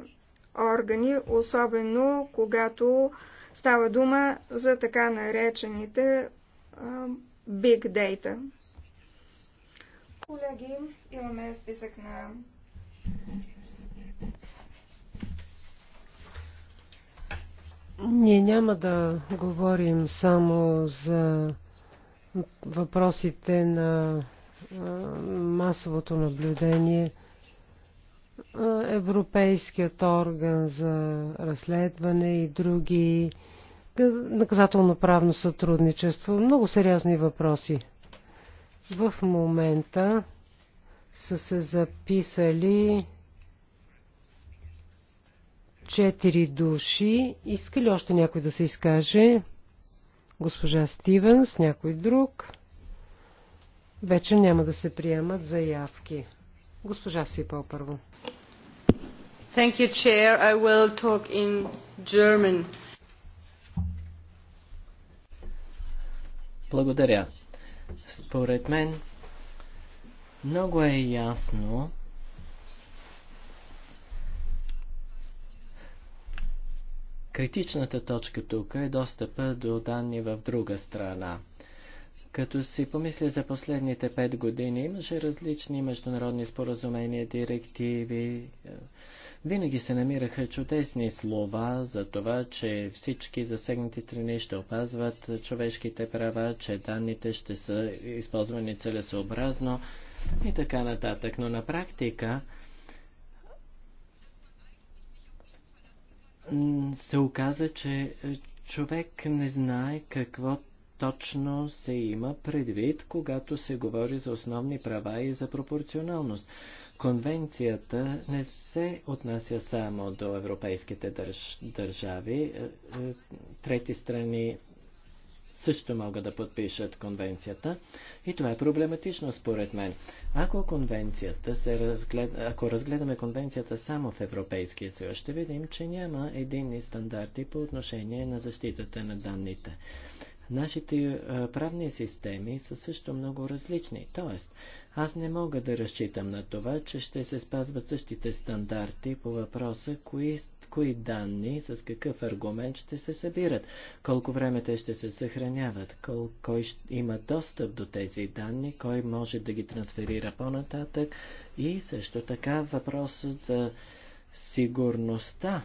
органи, особено когато става дума за така наречените а, big data. Колеги, имаме списък на Ние няма да говорим само за въпросите на масовото наблюдение, Европейският орган за разследване и други наказателно-правно сътрудничество. Много сериозни въпроси. В момента са се записали четири души. Иска ли още някой да се изкаже? госпожа Стивенс, някой друг. Вече няма да се приемат заявки. Госпожа Сипал първо. Thank you, Chair. I will talk in German. Благодаря. Според мен много е ясно, Критичната точка тук е достъпа до данни в друга страна. Като си помисля за последните пет години, имаше различни международни споразумения, директиви. Винаги се намираха чудесни слова за това, че всички засегнати страни ще опазват човешките права, че данните ще са използвани целесообразно и така нататък. Но на практика се оказа, че е, човек не знае какво точно се има предвид, когато се говори за основни права и за пропорционалност. Конвенцията не се отнася само до европейските държ... държави. Е, е, трети страни също могат да подпишат конвенцията и това е проблематично според мен. Ако, конвенцията се разглед... Ако разгледаме конвенцията само в Европейския съюз, ще видим, че няма единни стандарти по отношение на защитата на данните. Нашите е, правни системи са също много различни, Тоест, аз не мога да разчитам на това, че ще се спазват същите стандарти по въпроса, кои кои данни, с какъв аргумент ще се събират, колко време те ще се съхраняват, кол, кой има достъп до тези данни, кой може да ги трансферира по-нататък и също така въпросът за сигурността.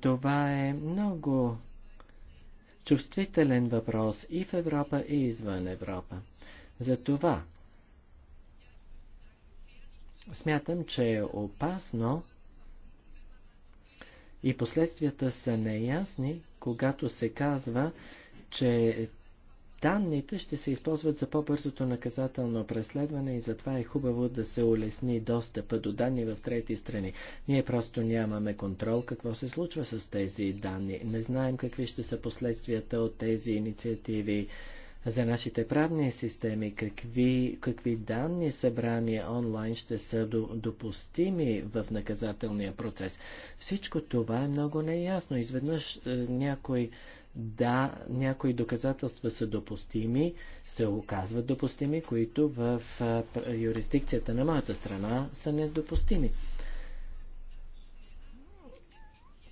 Това е много чувствителен въпрос и в Европа, и извън Европа. Затова смятам, че е опасно и последствията са неясни, когато се казва, че данните ще се използват за по-бързото наказателно преследване и затова е хубаво да се улесни достъпа до данни в трети страни. Ние просто нямаме контрол какво се случва с тези данни. Не знаем какви ще са последствията от тези инициативи за нашите правни системи, какви, какви данни събрани онлайн ще са допустими в наказателния процес. Всичко това е много неясно. Изведнъж е, някой да, някои доказателства са допустими, се оказват допустими, които в е, юрисдикцията на моята страна са недопустими.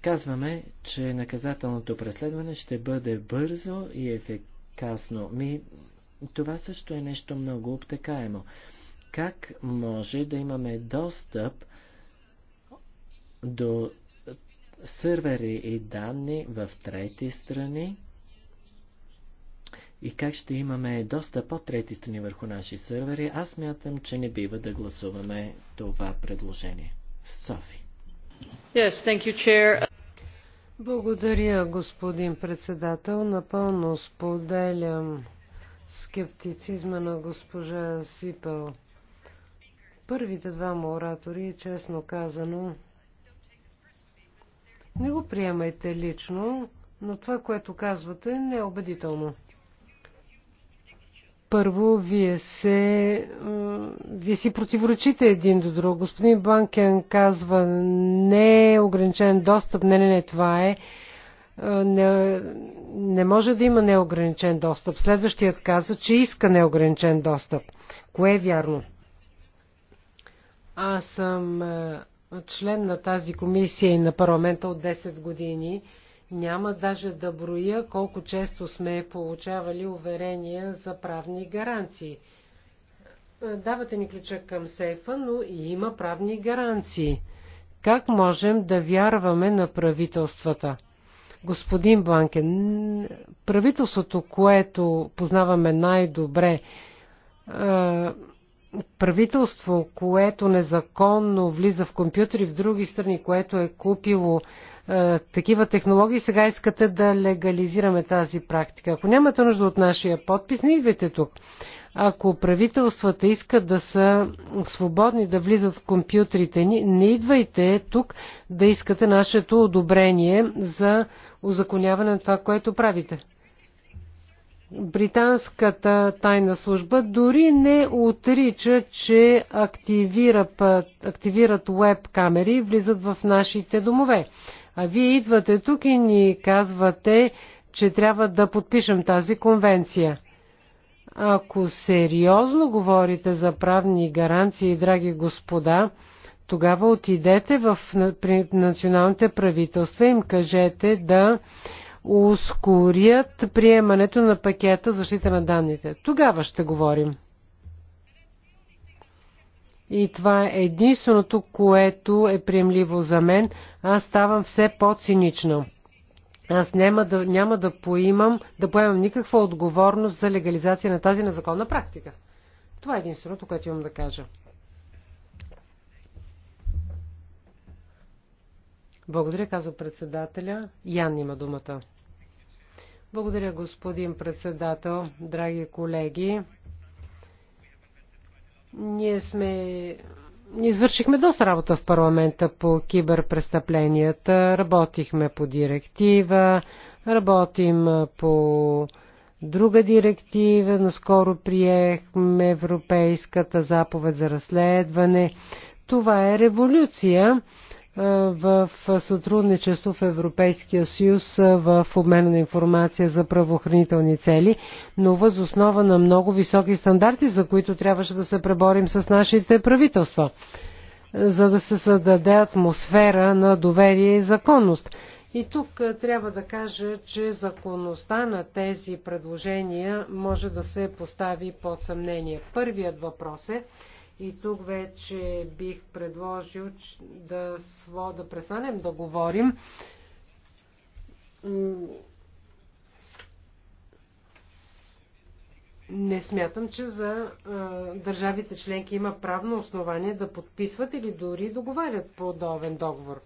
Казваме, че наказателното преследване ще бъде бързо и ефективно казано. Ми, това също е нещо много обтекаемо. Как може да имаме достъп до сървъри и данни в трети страни? И как ще имаме достъп от трети страни върху наши сървъри? Аз мятам, че не бива да гласуваме това предложение. Софи. Yes, thank you, chair. Благодаря, господин председател. Напълно споделям скептицизма на госпожа Сипел. Първите двама оратори, честно казано, не го приемайте лично, но това, което казвате, не е убедително. Първо, вие, се, вие си противоречите един до друг. Господин Банкен казва не е ограничен достъп. Не, не, не, това е. Не, не може да има неограничен достъп. Следващият каза, че иска неограничен достъп. Кое е вярно? Аз съм член на тази комисия и на парламента от 10 години. Няма даже да броя колко често сме получавали уверения за правни гаранции. Давате ни ключа към сейфа, но и има правни гаранции. Как можем да вярваме на правителствата? Господин Бланкен, правителството, което познаваме най-добре, правителство, което незаконно влиза в компютъри в други страни, което е купило е, такива технологии, сега искате да легализираме тази практика. Ако нямате нужда от нашия подпис, не идвайте тук. Ако правителствата искат да са свободни да влизат в компютрите ни, не идвайте тук да искате нашето одобрение за узаконяване на това, което правите британската тайна служба дори не отрича, че активира, активират веб камери и влизат в нашите домове. А вие идвате тук и ни казвате, че трябва да подпишем тази конвенция. Ако сериозно говорите за правни гаранции, драги господа, тогава отидете в, националните правителства и им кажете да ускорят приемането на пакета защита на данните. Тогава ще говорим. И това е единственото, което е приемливо за мен. Аз ставам все по цинично Аз няма да, няма да поимам, да поемам никаква отговорност за легализация на тази незаконна практика. Това е единственото, което имам да кажа. Благодаря, казва председателя. Ян има думата. Благодаря, господин председател, драги колеги. Ние сме... Ние извършихме доста работа в парламента по киберпрестъпленията. Работихме по директива, работим по друга директива. Наскоро приехме Европейската заповед за разследване. Това е революция е, в сътрудничество в Европейския съюз е, в обмена на информация за правоохранителни цели, но въз основа на много високи стандарти, за които трябваше да се преборим с нашите правителства, е, за да се създаде атмосфера на доверие и законност. И тук трябва да кажа, че законността на тези предложения може да се постави под съмнение. Първият въпрос е, и тук вече бих предложил да, сво, да престанем да говорим не смятам, че за а, държавите членки има правно основание да подписват или дори договарят подобен договор.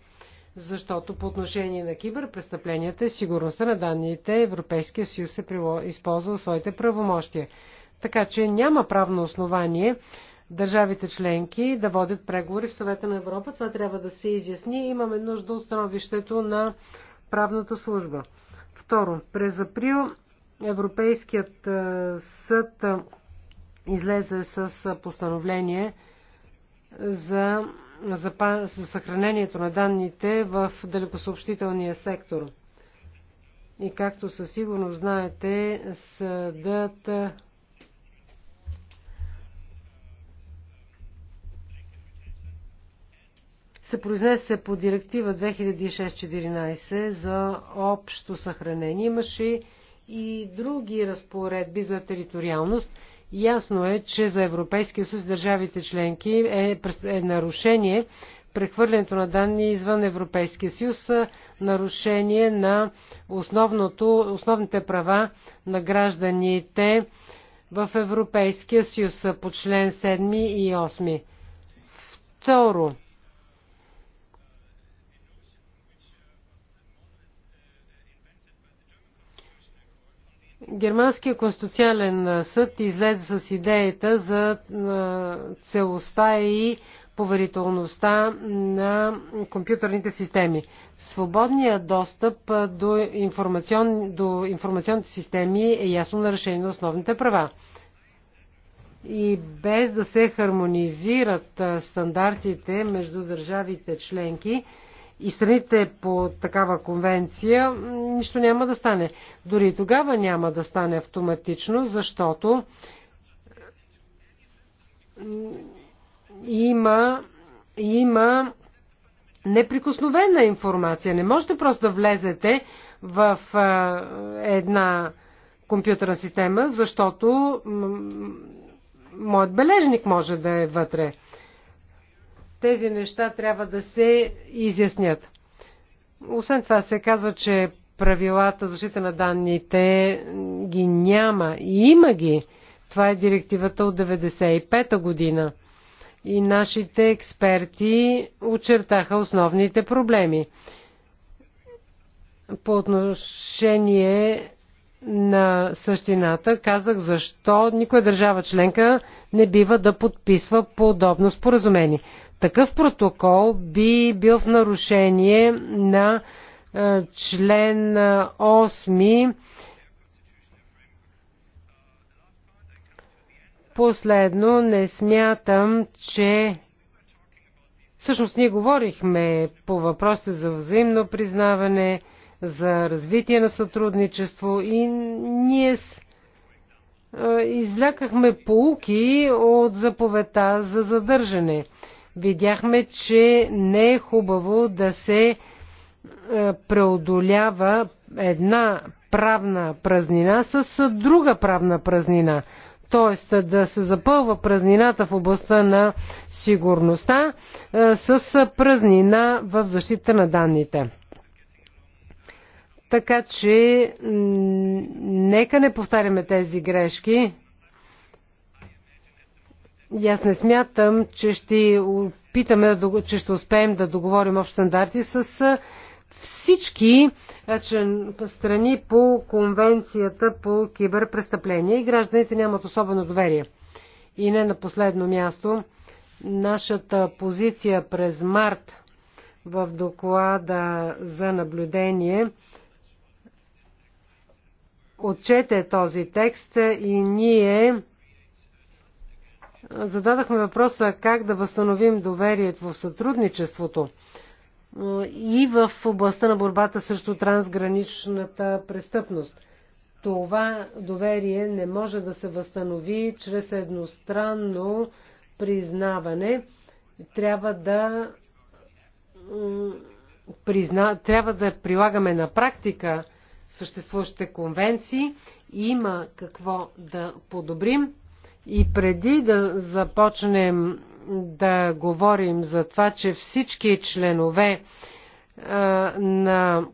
Защото по отношение на киберпрестъпленията и сигурността на данните Европейския съюз е използвал своите правомощия. Така че няма правно основание държавите членки да водят преговори в съвета на Европа. Това трябва да се изясни. Имаме нужда от становището на правната служба. Второ, през април Европейският е, съд е, излезе с е, постановление за, за, за съхранението на данните в далекосъобщителния сектор. И както със сигурност знаете, съдът се произнесе по директива 2006-14 за общо съхранение. Имаше и други разпоредби за териториалност. Ясно е, че за Европейския съюз държавите членки е, е нарушение прехвърлянето на данни извън Европейския съюз, нарушение на основните права на гражданите в Европейския съюз по член 7 и 8. Второ, Германския конституционен съд излезе с идеята за целостта и поверителността на компютърните системи. Свободният достъп до, информацион, до информационните системи е ясно нарушение на основните права. И без да се хармонизират стандартите между държавите членки, и страните по такава конвенция, нищо няма да стане. Дори тогава няма да стане автоматично, защото има, има неприкосновена информация. Не можете просто да влезете в една компютърна система, защото моят бележник може да е вътре. Тези неща трябва да се изяснят. Освен това се казва, че правилата за защита на данните ги няма. И има ги. Това е директивата от 1995 година. И нашите експерти очертаха основните проблеми. По отношение на същината, казах защо никоя държава членка не бива да подписва подобно споразумение. Такъв протокол би бил в нарушение на е, член 8 е, Последно, не смятам, че... Всъщност ние говорихме по въпросите за взаимно признаване, за развитие на сътрудничество и ние е, извлякахме полуки от заповедта за задържане видяхме, че не е хубаво да се е, преодолява една правна празнина с друга правна празнина. Т.е. да се запълва празнината в областта на сигурността е, с празнина в защита на данните. Така че нека не повтаряме тези грешки. И аз не смятам, че ще опитаме, че ще успеем да договорим общи стандарти с всички страни по конвенцията по киберпрестъпления и гражданите нямат особено доверие. И не на последно място, нашата позиция през март в доклада за наблюдение отчете този текст и ние зададахме въпроса как да възстановим доверието в сътрудничеството и в областта на борбата срещу трансграничната престъпност. Това доверие не може да се възстанови чрез едностранно признаване. Трябва да, призна, трябва да прилагаме на практика съществуващите конвенции. Има какво да подобрим и преди да започнем да говорим за това, че всички членове на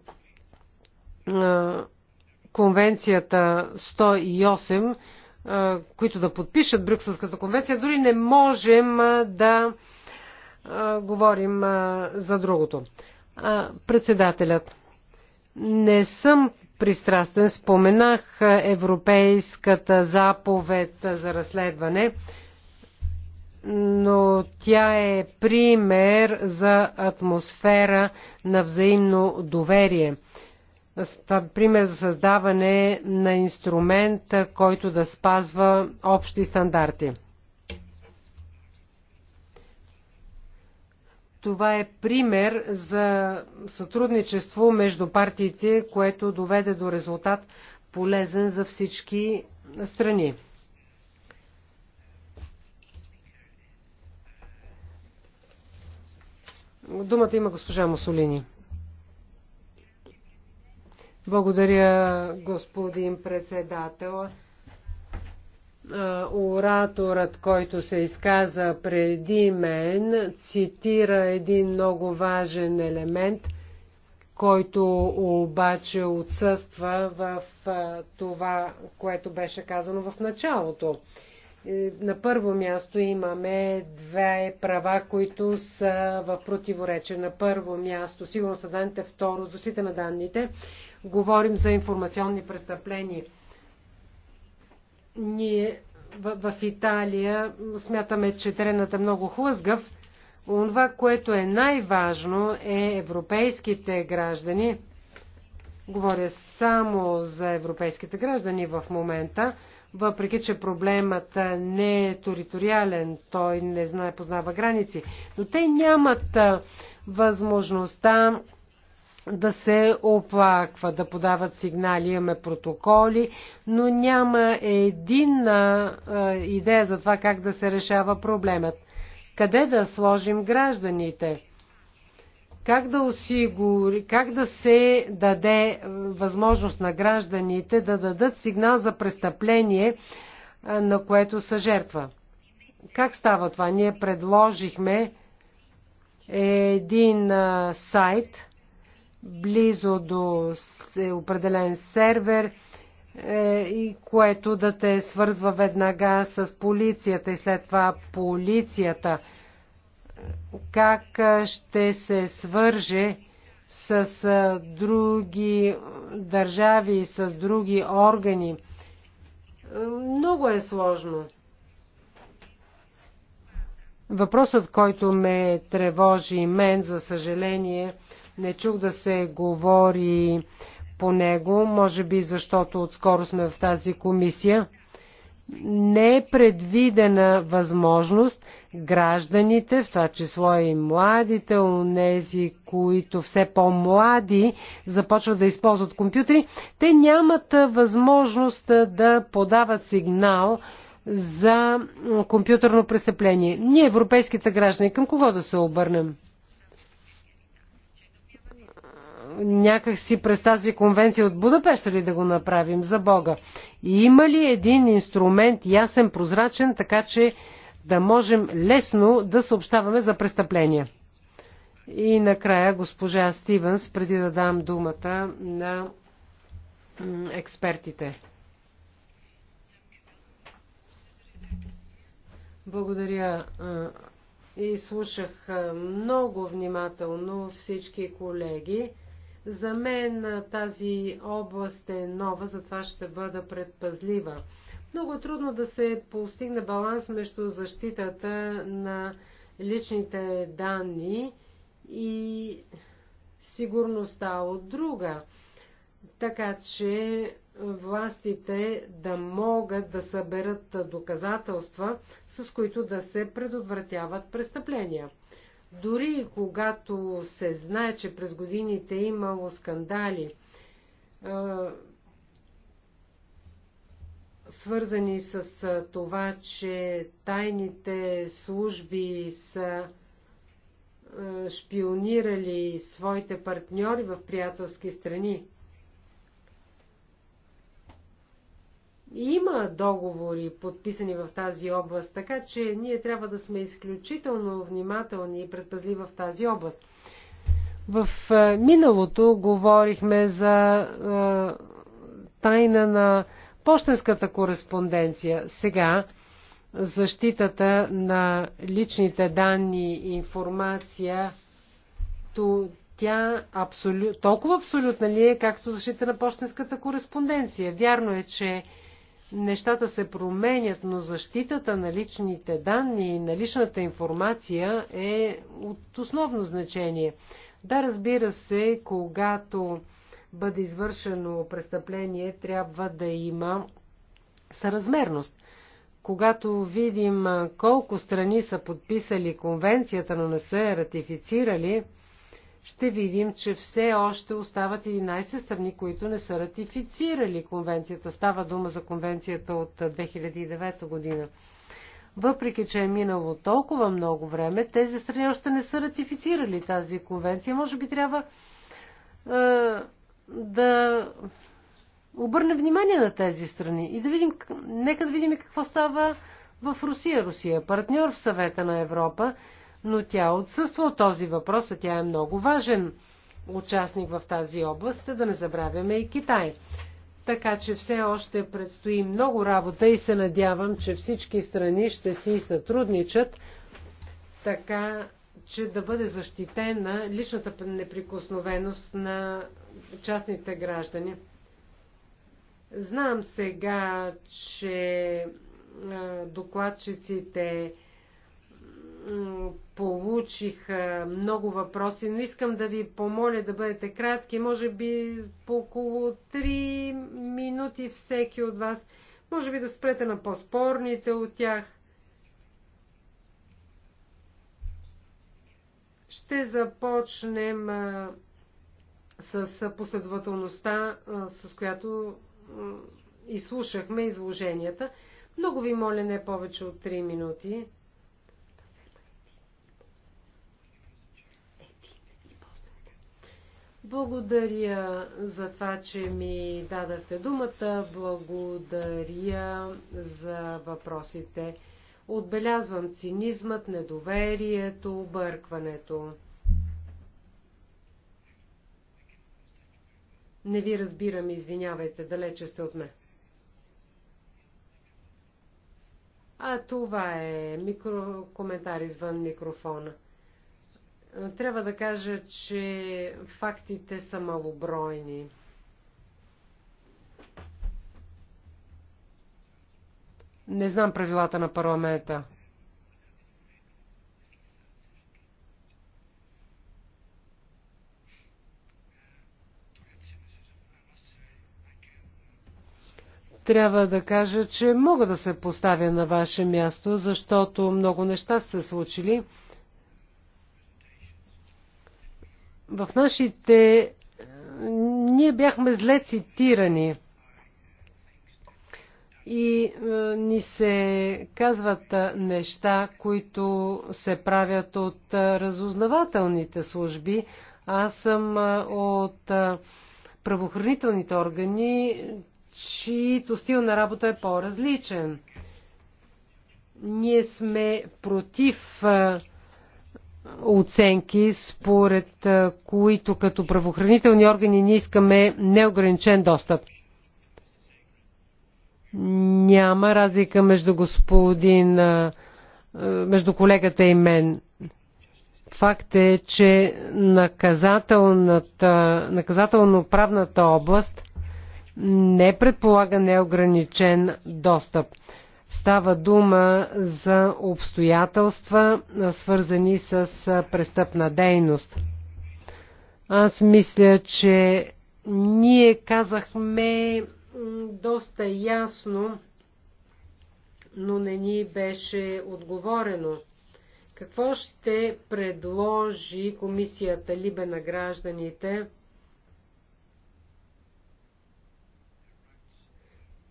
конвенцията 108, които да подпишат Брюкселската конвенция, дори не можем да говорим за другото. Председателят. Не съм пристрастен. Споменах е, Европейската заповед за разследване, но тя е пример за атмосфера на взаимно доверие. Пример за създаване на инструмент, който да спазва общи стандарти. Това е пример за сътрудничество между партиите, което доведе до резултат полезен за всички страни. Думата има госпожа Мусолини. Благодаря, господин председател ораторът, който се изказа преди мен, цитира един много важен елемент, който обаче отсъства в това, което беше казано в началото. Е, на първо място имаме две права, които са в противоречие. На първо място сигурност на данните, второ защита на данните. Говорим за информационни престъпления ние в, в Италия смятаме, че теренът е много хлъзгав. Онова, което е най-важно е европейските граждани. Говоря само за европейските граждани в момента, въпреки че проблемът не е териториален, той не знае, познава граници, но те нямат възможността да се оплаква, да подават сигнали, имаме протоколи, но няма единна идея за това как да се решава проблемът. Къде да сложим гражданите? Как да, осигури, как да се даде възможност на гражданите да дадат сигнал за престъпление, на което са жертва? Как става това? Ние предложихме един сайт – близо до определен сервер е, и което да те свързва веднага с полицията и след това полицията. Как ще се свърже с други държави, с други органи? Много е сложно. Въпросът, който ме тревожи мен, за съжаление, не чух да се говори по него, може би защото отскоро сме в тази комисия. Не е предвидена възможност гражданите, в това число и младите, онези, които все по-млади започват да използват компютри, те нямат възможност да подават сигнал за компютърно престъпление. Ние, европейските граждани, към кого да се обърнем? Някак си през тази конвенция от Будапешта ли да го направим за Бога? И има ли един инструмент ясен, прозрачен, така че да можем лесно да съобщаваме за престъпления? И накрая госпожа Стивенс, преди да дам думата на експертите. Благодаря. И слушах много внимателно всички колеги. За мен тази област е нова, затова ще бъда предпазлива. Много трудно да се постигне баланс между защитата на личните данни и сигурността от друга. Така че властите да могат да съберат доказателства, с които да се предотвратяват престъпления. Дори когато се знае, че през годините е имало скандали, свързани с това, че тайните служби са шпионирали своите партньори в приятелски страни. Има договори подписани в тази област, така че ние трябва да сме изключително внимателни и предпазли в тази област. В е, миналото говорихме за е, тайна на почтенската кореспонденция. Сега защитата на личните данни и информация, то тя абсолю... толкова абсолютна ли е, както защита на почтенската кореспонденция? Вярно е, че нещата се променят, но защитата на личните данни и на личната информация е от основно значение. Да, разбира се, когато бъде извършено престъпление, трябва да има съразмерност. Когато видим колко страни са подписали конвенцията, но не са ратифицирали, ще видим, че все още остават 11 страни, които не са ратифицирали конвенцията. Става дума за конвенцията от 2009 година. Въпреки, че е минало толкова много време, тези страни още не са ратифицирали тази конвенция. Може би трябва е, да обърне внимание на тези страни и да видим, нека да видим какво става в Русия. Русия е партньор в съвета на Европа но тя отсъства от този въпрос, а тя е много важен участник в тази област, да не забравяме и Китай. Така че все още предстои много работа и се надявам, че всички страни ще си сътрудничат, така че да бъде защитена личната неприкосновеност на частните граждани. Знам сега, че докладчиците получих много въпроси, но искам да ви помоля да бъдете кратки, може би по около 3 минути всеки от вас. Може би да спрете на по-спорните от тях. Ще започнем с последователността, с която изслушахме изложенията. Много ви моля не повече от 3 минути. Благодаря за това, че ми дадахте думата. Благодаря за въпросите. Отбелязвам цинизмът, недоверието, объркването. Не ви разбирам, извинявайте, далече сте от мен. А това е микро... коментар извън микрофона. Трябва да кажа, че фактите са малобройни. Не знам правилата на парламента. Трябва да кажа, че мога да се поставя на ваше място, защото много неща са се случили. в нашите... Е, ние бяхме зле цитирани и е, ни се казват е, неща, които се правят от е, разузнавателните служби. Аз съм от правоохранителните органи, чието стил на работа е по-различен. Ние сме против е, оценки, според които като правоохранителни органи ние искаме неограничен достъп. Няма разлика между господин, между колегата и мен. Факт е, че наказателно-правната област не предполага неограничен достъп. Става дума за обстоятелства, свързани с престъпна дейност. Аз мисля, че ние казахме доста ясно, но не ни беше отговорено. Какво ще предложи комисията Либе на гражданите –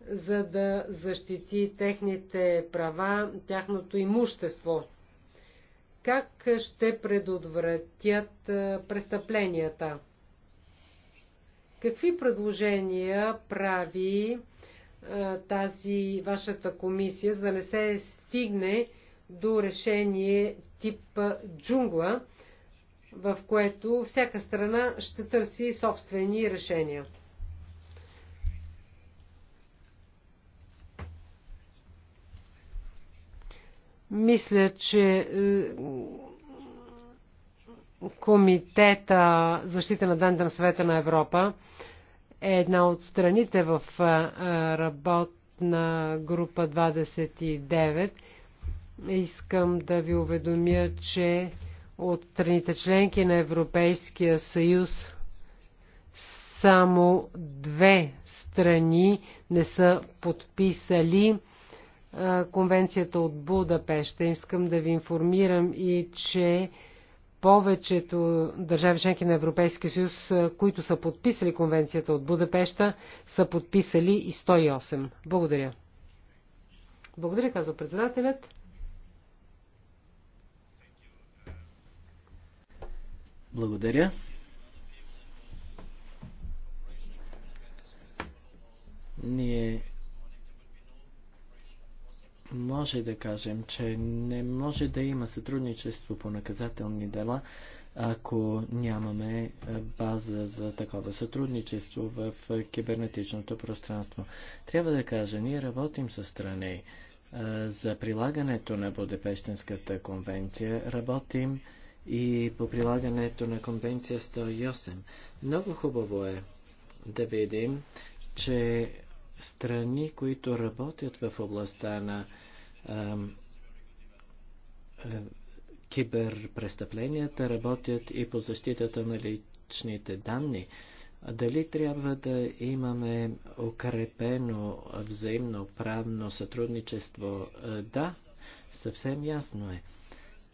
за да защити техните права, тяхното имущество. Как ще предотвратят престъпленията? Какви предложения прави тази вашата комисия, за да не се стигне до решение тип джунгла, в което всяка страна ще търси собствени решения? Мисля, че е, Комитета защита на данните на съвета на Европа е една от страните в е, е, работна група 29. Искам да ви уведомя, че от страните членки на Европейския съюз само две страни не са подписали конвенцията от Будапеща. Искам да ви информирам и, че повечето държави членки на Европейския съюз, които са подписали конвенцията от Будапеща, са подписали и 108. Благодаря. Благодаря, казва председателят. Благодаря. Ние може да кажем, че не може да има сътрудничество по наказателни дела, ако нямаме е, база за такова сътрудничество в е, кибернетичното пространство. Трябва да кажа, ние работим с страни е, за прилагането на Будапештинската конвенция, работим и по прилагането на конвенция 108. Много хубаво е да видим, че страни, които работят в областта на е, киберпрестъпленията работят и по защитата на личните данни. Дали трябва да имаме укрепено взаимно правно сътрудничество? Е, да, съвсем ясно е.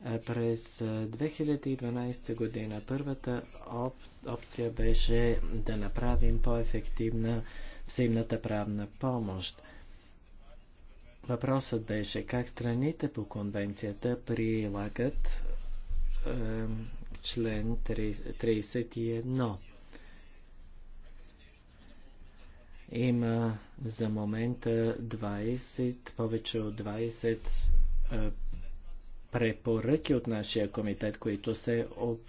е през 2012 година първата оп опция беше да направим по-ефективна взаимната правна помощ. Въпросът беше как страните по конвенцията прилагат е, член 31. Има за момента 20, повече от 20 е, препоръки от нашия комитет, които се об,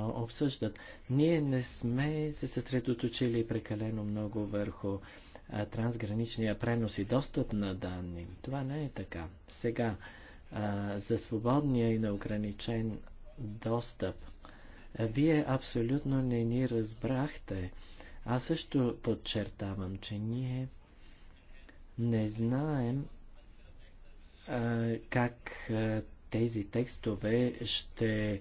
обсъждат. Ние не сме се съсредоточили прекалено много върху а, трансграничния пренос и достъп на данни. Това не е така. Сега, а, за свободния и неограничен достъп, а, вие абсолютно не ни разбрахте. Аз също подчертавам, че ние не знаем а, как а, тези текстове ще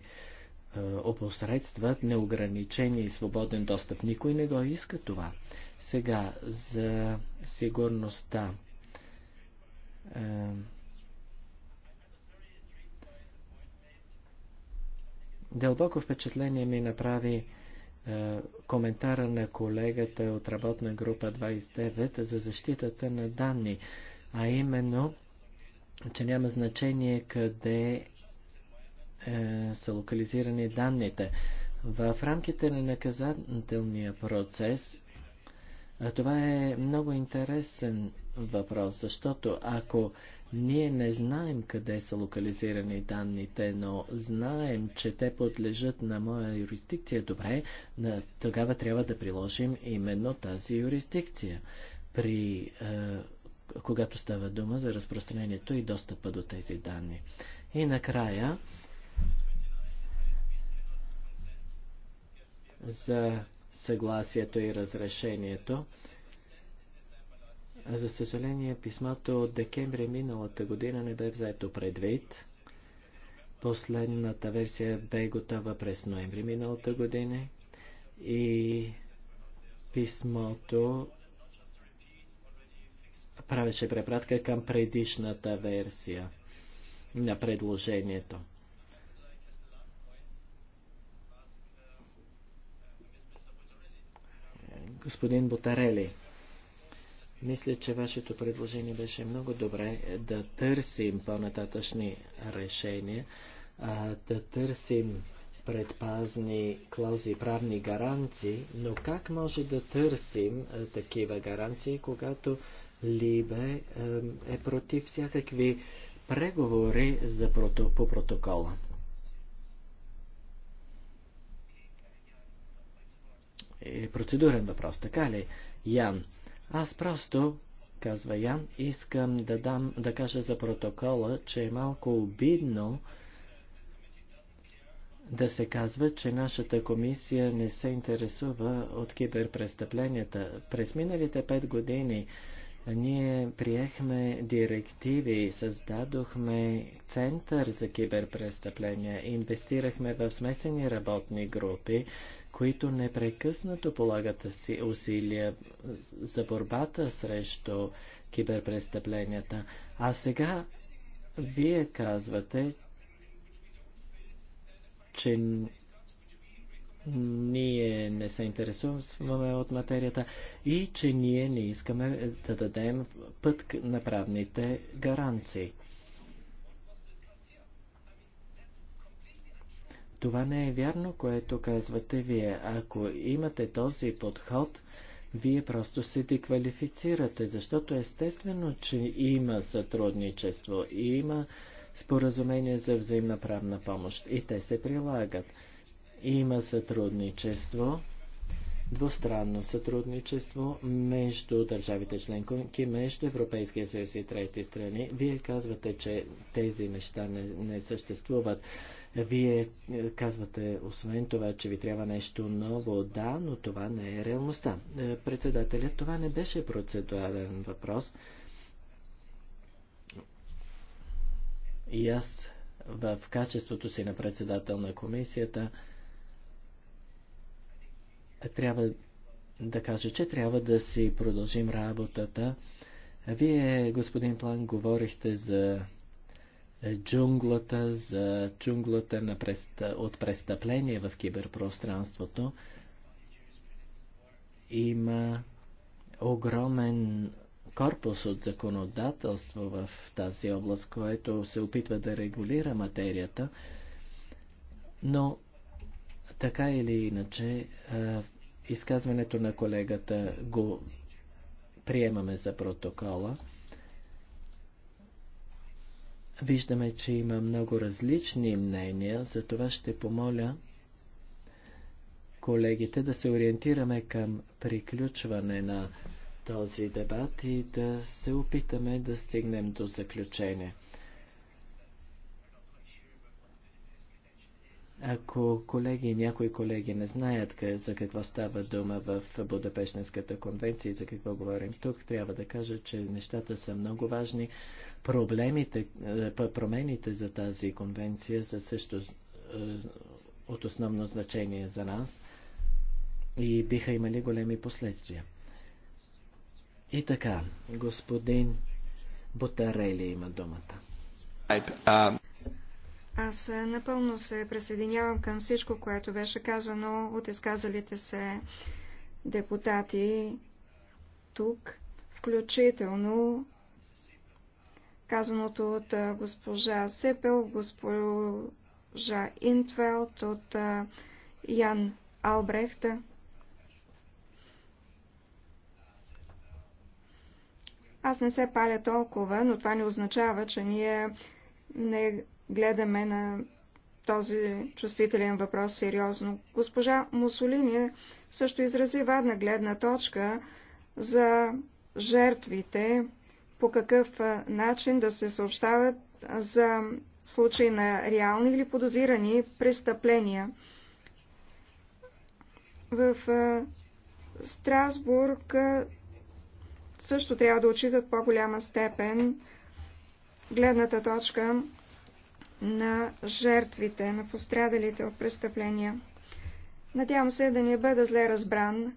опосредстват неограничения и свободен достъп. Никой не го иска това. Сега за сигурността. Е, дълбоко впечатление ми направи е, коментара на колегата от работна група 29 за защитата на данни, а именно, че няма значение къде е, са локализирани данните. В рамките на наказателния процес това е много интересен въпрос, защото ако ние не знаем къде са локализирани данните, но знаем, че те подлежат на моя юрисдикция, добре, тогава трябва да приложим именно тази юрисдикция. При когато става дума за разпространението и достъпа до тези данни. И накрая за съгласието и разрешението. За съжаление, писмото от декември миналата година не бе взето предвид. Последната версия бе готова през ноември миналата година и писмото правеше препратка към предишната версия на предложението. Господин Ботарели, мисля, че вашето предложение беше много добре е, да търсим по-нататъчни решения, да търсим предпазни клаузи, правни гаранции, но как може да търсим такива гаранции, когато Либе е против всякакви преговори за прото, по протокола? Е процедурен въпрос, така ли? Ян, аз просто, казва Ян, искам да, дам, да кажа за протокола, че е малко обидно да се казва, че нашата комисия не се интересува от киберпрестъпленията. През миналите пет години ние приехме директиви, създадохме център за киберпрестъпления, инвестирахме в смесени работни групи, които непрекъснато полагат си усилия за борбата срещу киберпрестъпленията. А сега вие казвате, че ние не се интересуваме от материята и че ние не искаме да дадем път на правните гаранции. Това не е вярно, което казвате вие. Ако имате този подход, вие просто се деквалифицирате, защото естествено, че има сътрудничество, има споразумение за взаимна правна помощ и те се прилагат. Има сътрудничество, двустранно сътрудничество между държавите членки, между Европейския съюз и трети страни. Вие казвате, че тези неща не, не съществуват. Вие е, казвате, освен това, че ви трябва нещо ново, да, но това не е реалността. Е, председателят, това не беше процедуален въпрос. И аз в качеството си на председател на комисията трябва да кажа, че трябва да си продължим работата. Вие, господин План, говорихте за джунглата, за джунглата на прест... от престъпление в киберпространството. Има огромен корпус от законодателство в тази област, което се опитва да регулира материята, но така или иначе Изказването на колегата го приемаме за протокола. Виждаме, че има много различни мнения, затова ще помоля колегите да се ориентираме към приключване на този дебат и да се опитаме да стигнем до заключение. Ако колеги, някои колеги не знаят за какво става дума в Будапешненската конвенция и за какво говорим тук, трябва да кажа, че нещата са много важни. Проблемите, е, промените за тази конвенция са също е, от основно значение за нас и биха имали големи последствия. И така, господин Ботарели има думата. Аз е, напълно се присъединявам към всичко, което беше казано от изказалите се депутати тук, включително казаното от е, госпожа Сепел, госпожа Интвелт, от е, Ян Албрехта. Аз не се паля толкова, но това не означава, че ние не гледаме на този чувствителен въпрос сериозно. Госпожа Мусолини също изрази вадна гледна точка за жертвите, по какъв начин да се съобщават за случаи на реални или подозирани престъпления. В Страсбург също трябва да очитат по-голяма степен гледната точка на жертвите, на пострадалите от престъпления. Надявам се да не бъда зле разбран.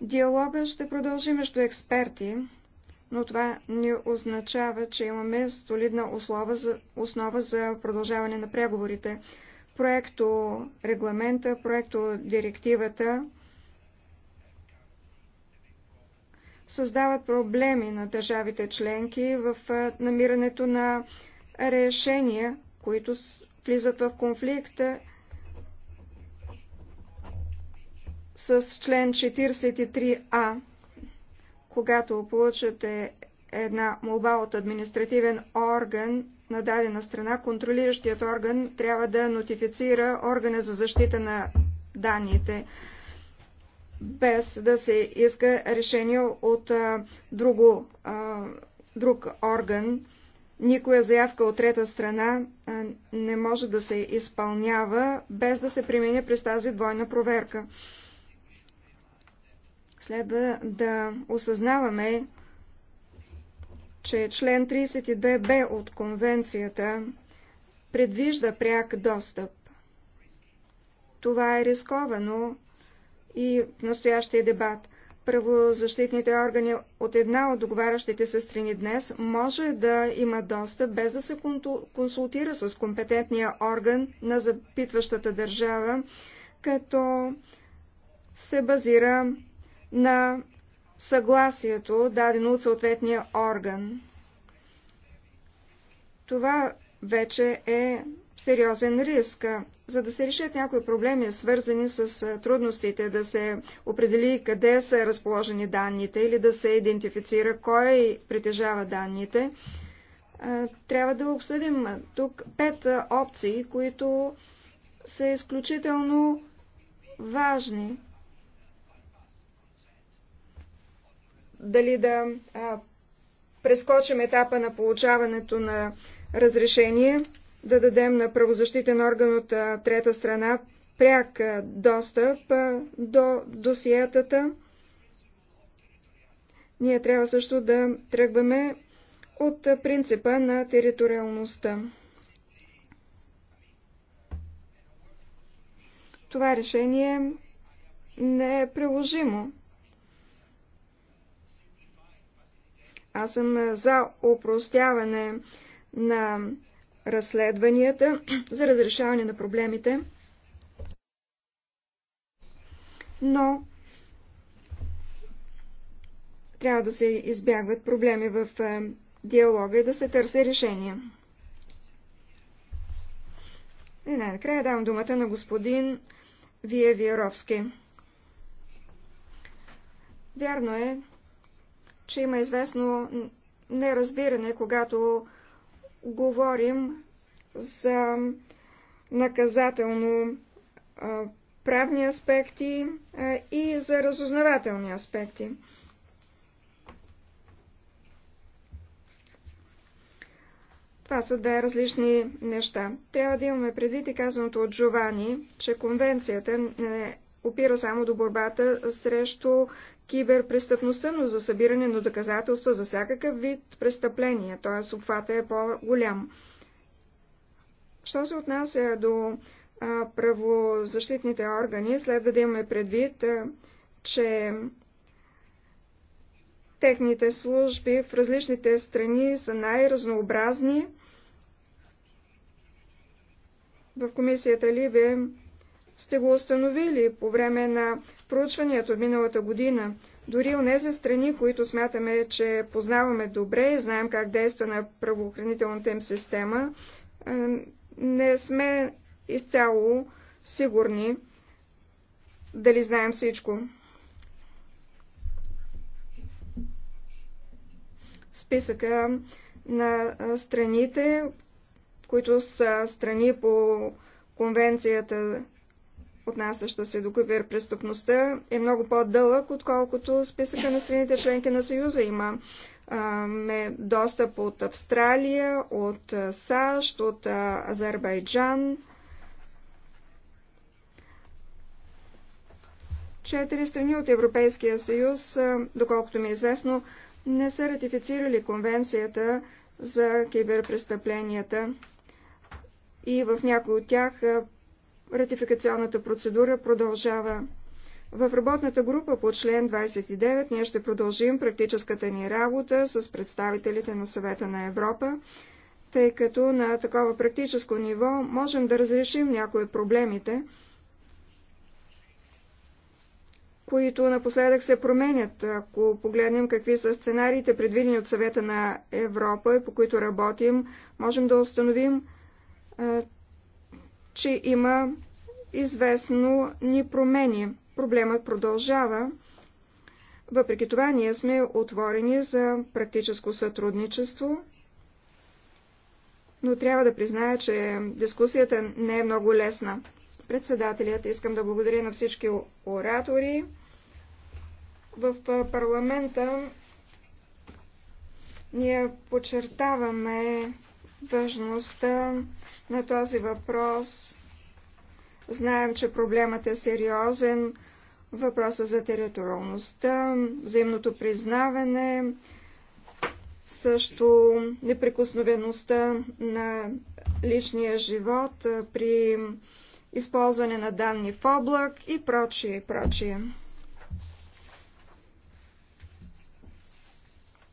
Диалога ще продължи между експерти, но това не означава, че имаме столидна основа за, основа за продължаване на преговорите. Проекто регламента, проекто директивата създават проблеми на държавите членки в намирането на решения, които влизат в конфликта с член 43А. Когато получате една молба от административен орган на дадена страна, контролиращият орган трябва да нотифицира органа за защита на данните, без да се иска решение от а, друго, а, друг орган Никоя заявка от трета страна не може да се изпълнява без да се премине през тази двойна проверка. Следва да осъзнаваме, че член 32б от конвенцията предвижда пряк достъп. Това е рисковано и в настоящия дебат – правозащитните органи от една от договарящите се страни днес може да има достъп без да се консултира с компетентния орган на запитващата държава, като се базира на съгласието, дадено от съответния орган. Това вече е сериозен риск. За да се решат някои проблеми, свързани с трудностите, да се определи къде са разположени данните или да се идентифицира кой притежава данните, трябва да обсъдим тук пет опции, които са изключително важни. Дали да прескочим етапа на получаването на разрешение да дадем на правозащитен орган от трета страна пряк достъп до досиетата. Ние трябва също да тръгваме от принципа на териториалността. Това решение не е приложимо. Аз съм за упростяване на разследванията за разрешаване на проблемите. Но трябва да се избягват проблеми в е, диалога и да се търси решение. И най-накрая давам думата на господин Вие Виеровски. Вярно е, че има известно неразбиране, когато говорим за наказателно правни аспекти и за разузнавателни аспекти. Това са две различни неща. Трябва да имаме предвид и казаното от Джовани, че конвенцията не опира само до борбата срещу киберпрестъпността, но за събиране на доказателства за всякакъв вид престъпления, т.е. обхвата е по-голям. Що се отнася до правозащитните органи, следва да имаме предвид, че техните служби в различните страни са най-разнообразни. В комисията Либе сте го установили по време на проучванията от миналата година. Дори у нези страни, които смятаме, че познаваме добре и знаем как действа на правоохранителната им система, не сме изцяло сигурни дали знаем всичко. Списъка на страните, които са страни по конвенцията отнасяща се до киберпрестъпността, е много по-дълъг, отколкото списъка на страните членки на Съюза има ме достъп от Австралия, от САЩ, от Азербайджан. 4 страни от Европейския съюз, доколкото ми е известно, не са ратифицирали конвенцията за киберпрестъпленията и в някои от тях ратификационната процедура продължава. В работната група по член 29 ние ще продължим практическата ни работа с представителите на съвета на Европа, тъй като на такова практическо ниво можем да разрешим някои от проблемите, които напоследък се променят, ако погледнем какви са сценариите, предвидени от съвета на Европа и по които работим, можем да установим, че има известно ни промени. Проблемът продължава. Въпреки това ние сме отворени за практическо сътрудничество, но трябва да призная, че дискусията не е много лесна. Председателят искам да благодаря на всички оратори. В парламента ние подчертаваме важността на този въпрос. Знаем, че проблемът е сериозен. Въпроса за териториалността, взаимното признаване, също неприкосновеността на личния живот при използване на данни в облак и прочие, и прочие.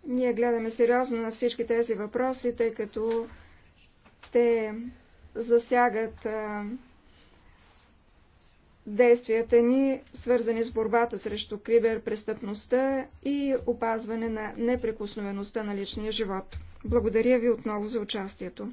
Ние гледаме сериозно на всички тези въпроси, тъй като те засягат действията ни, свързани с борбата срещу киберпрестъпността и опазване на неприкосновеността на личния живот. Благодаря ви отново за участието.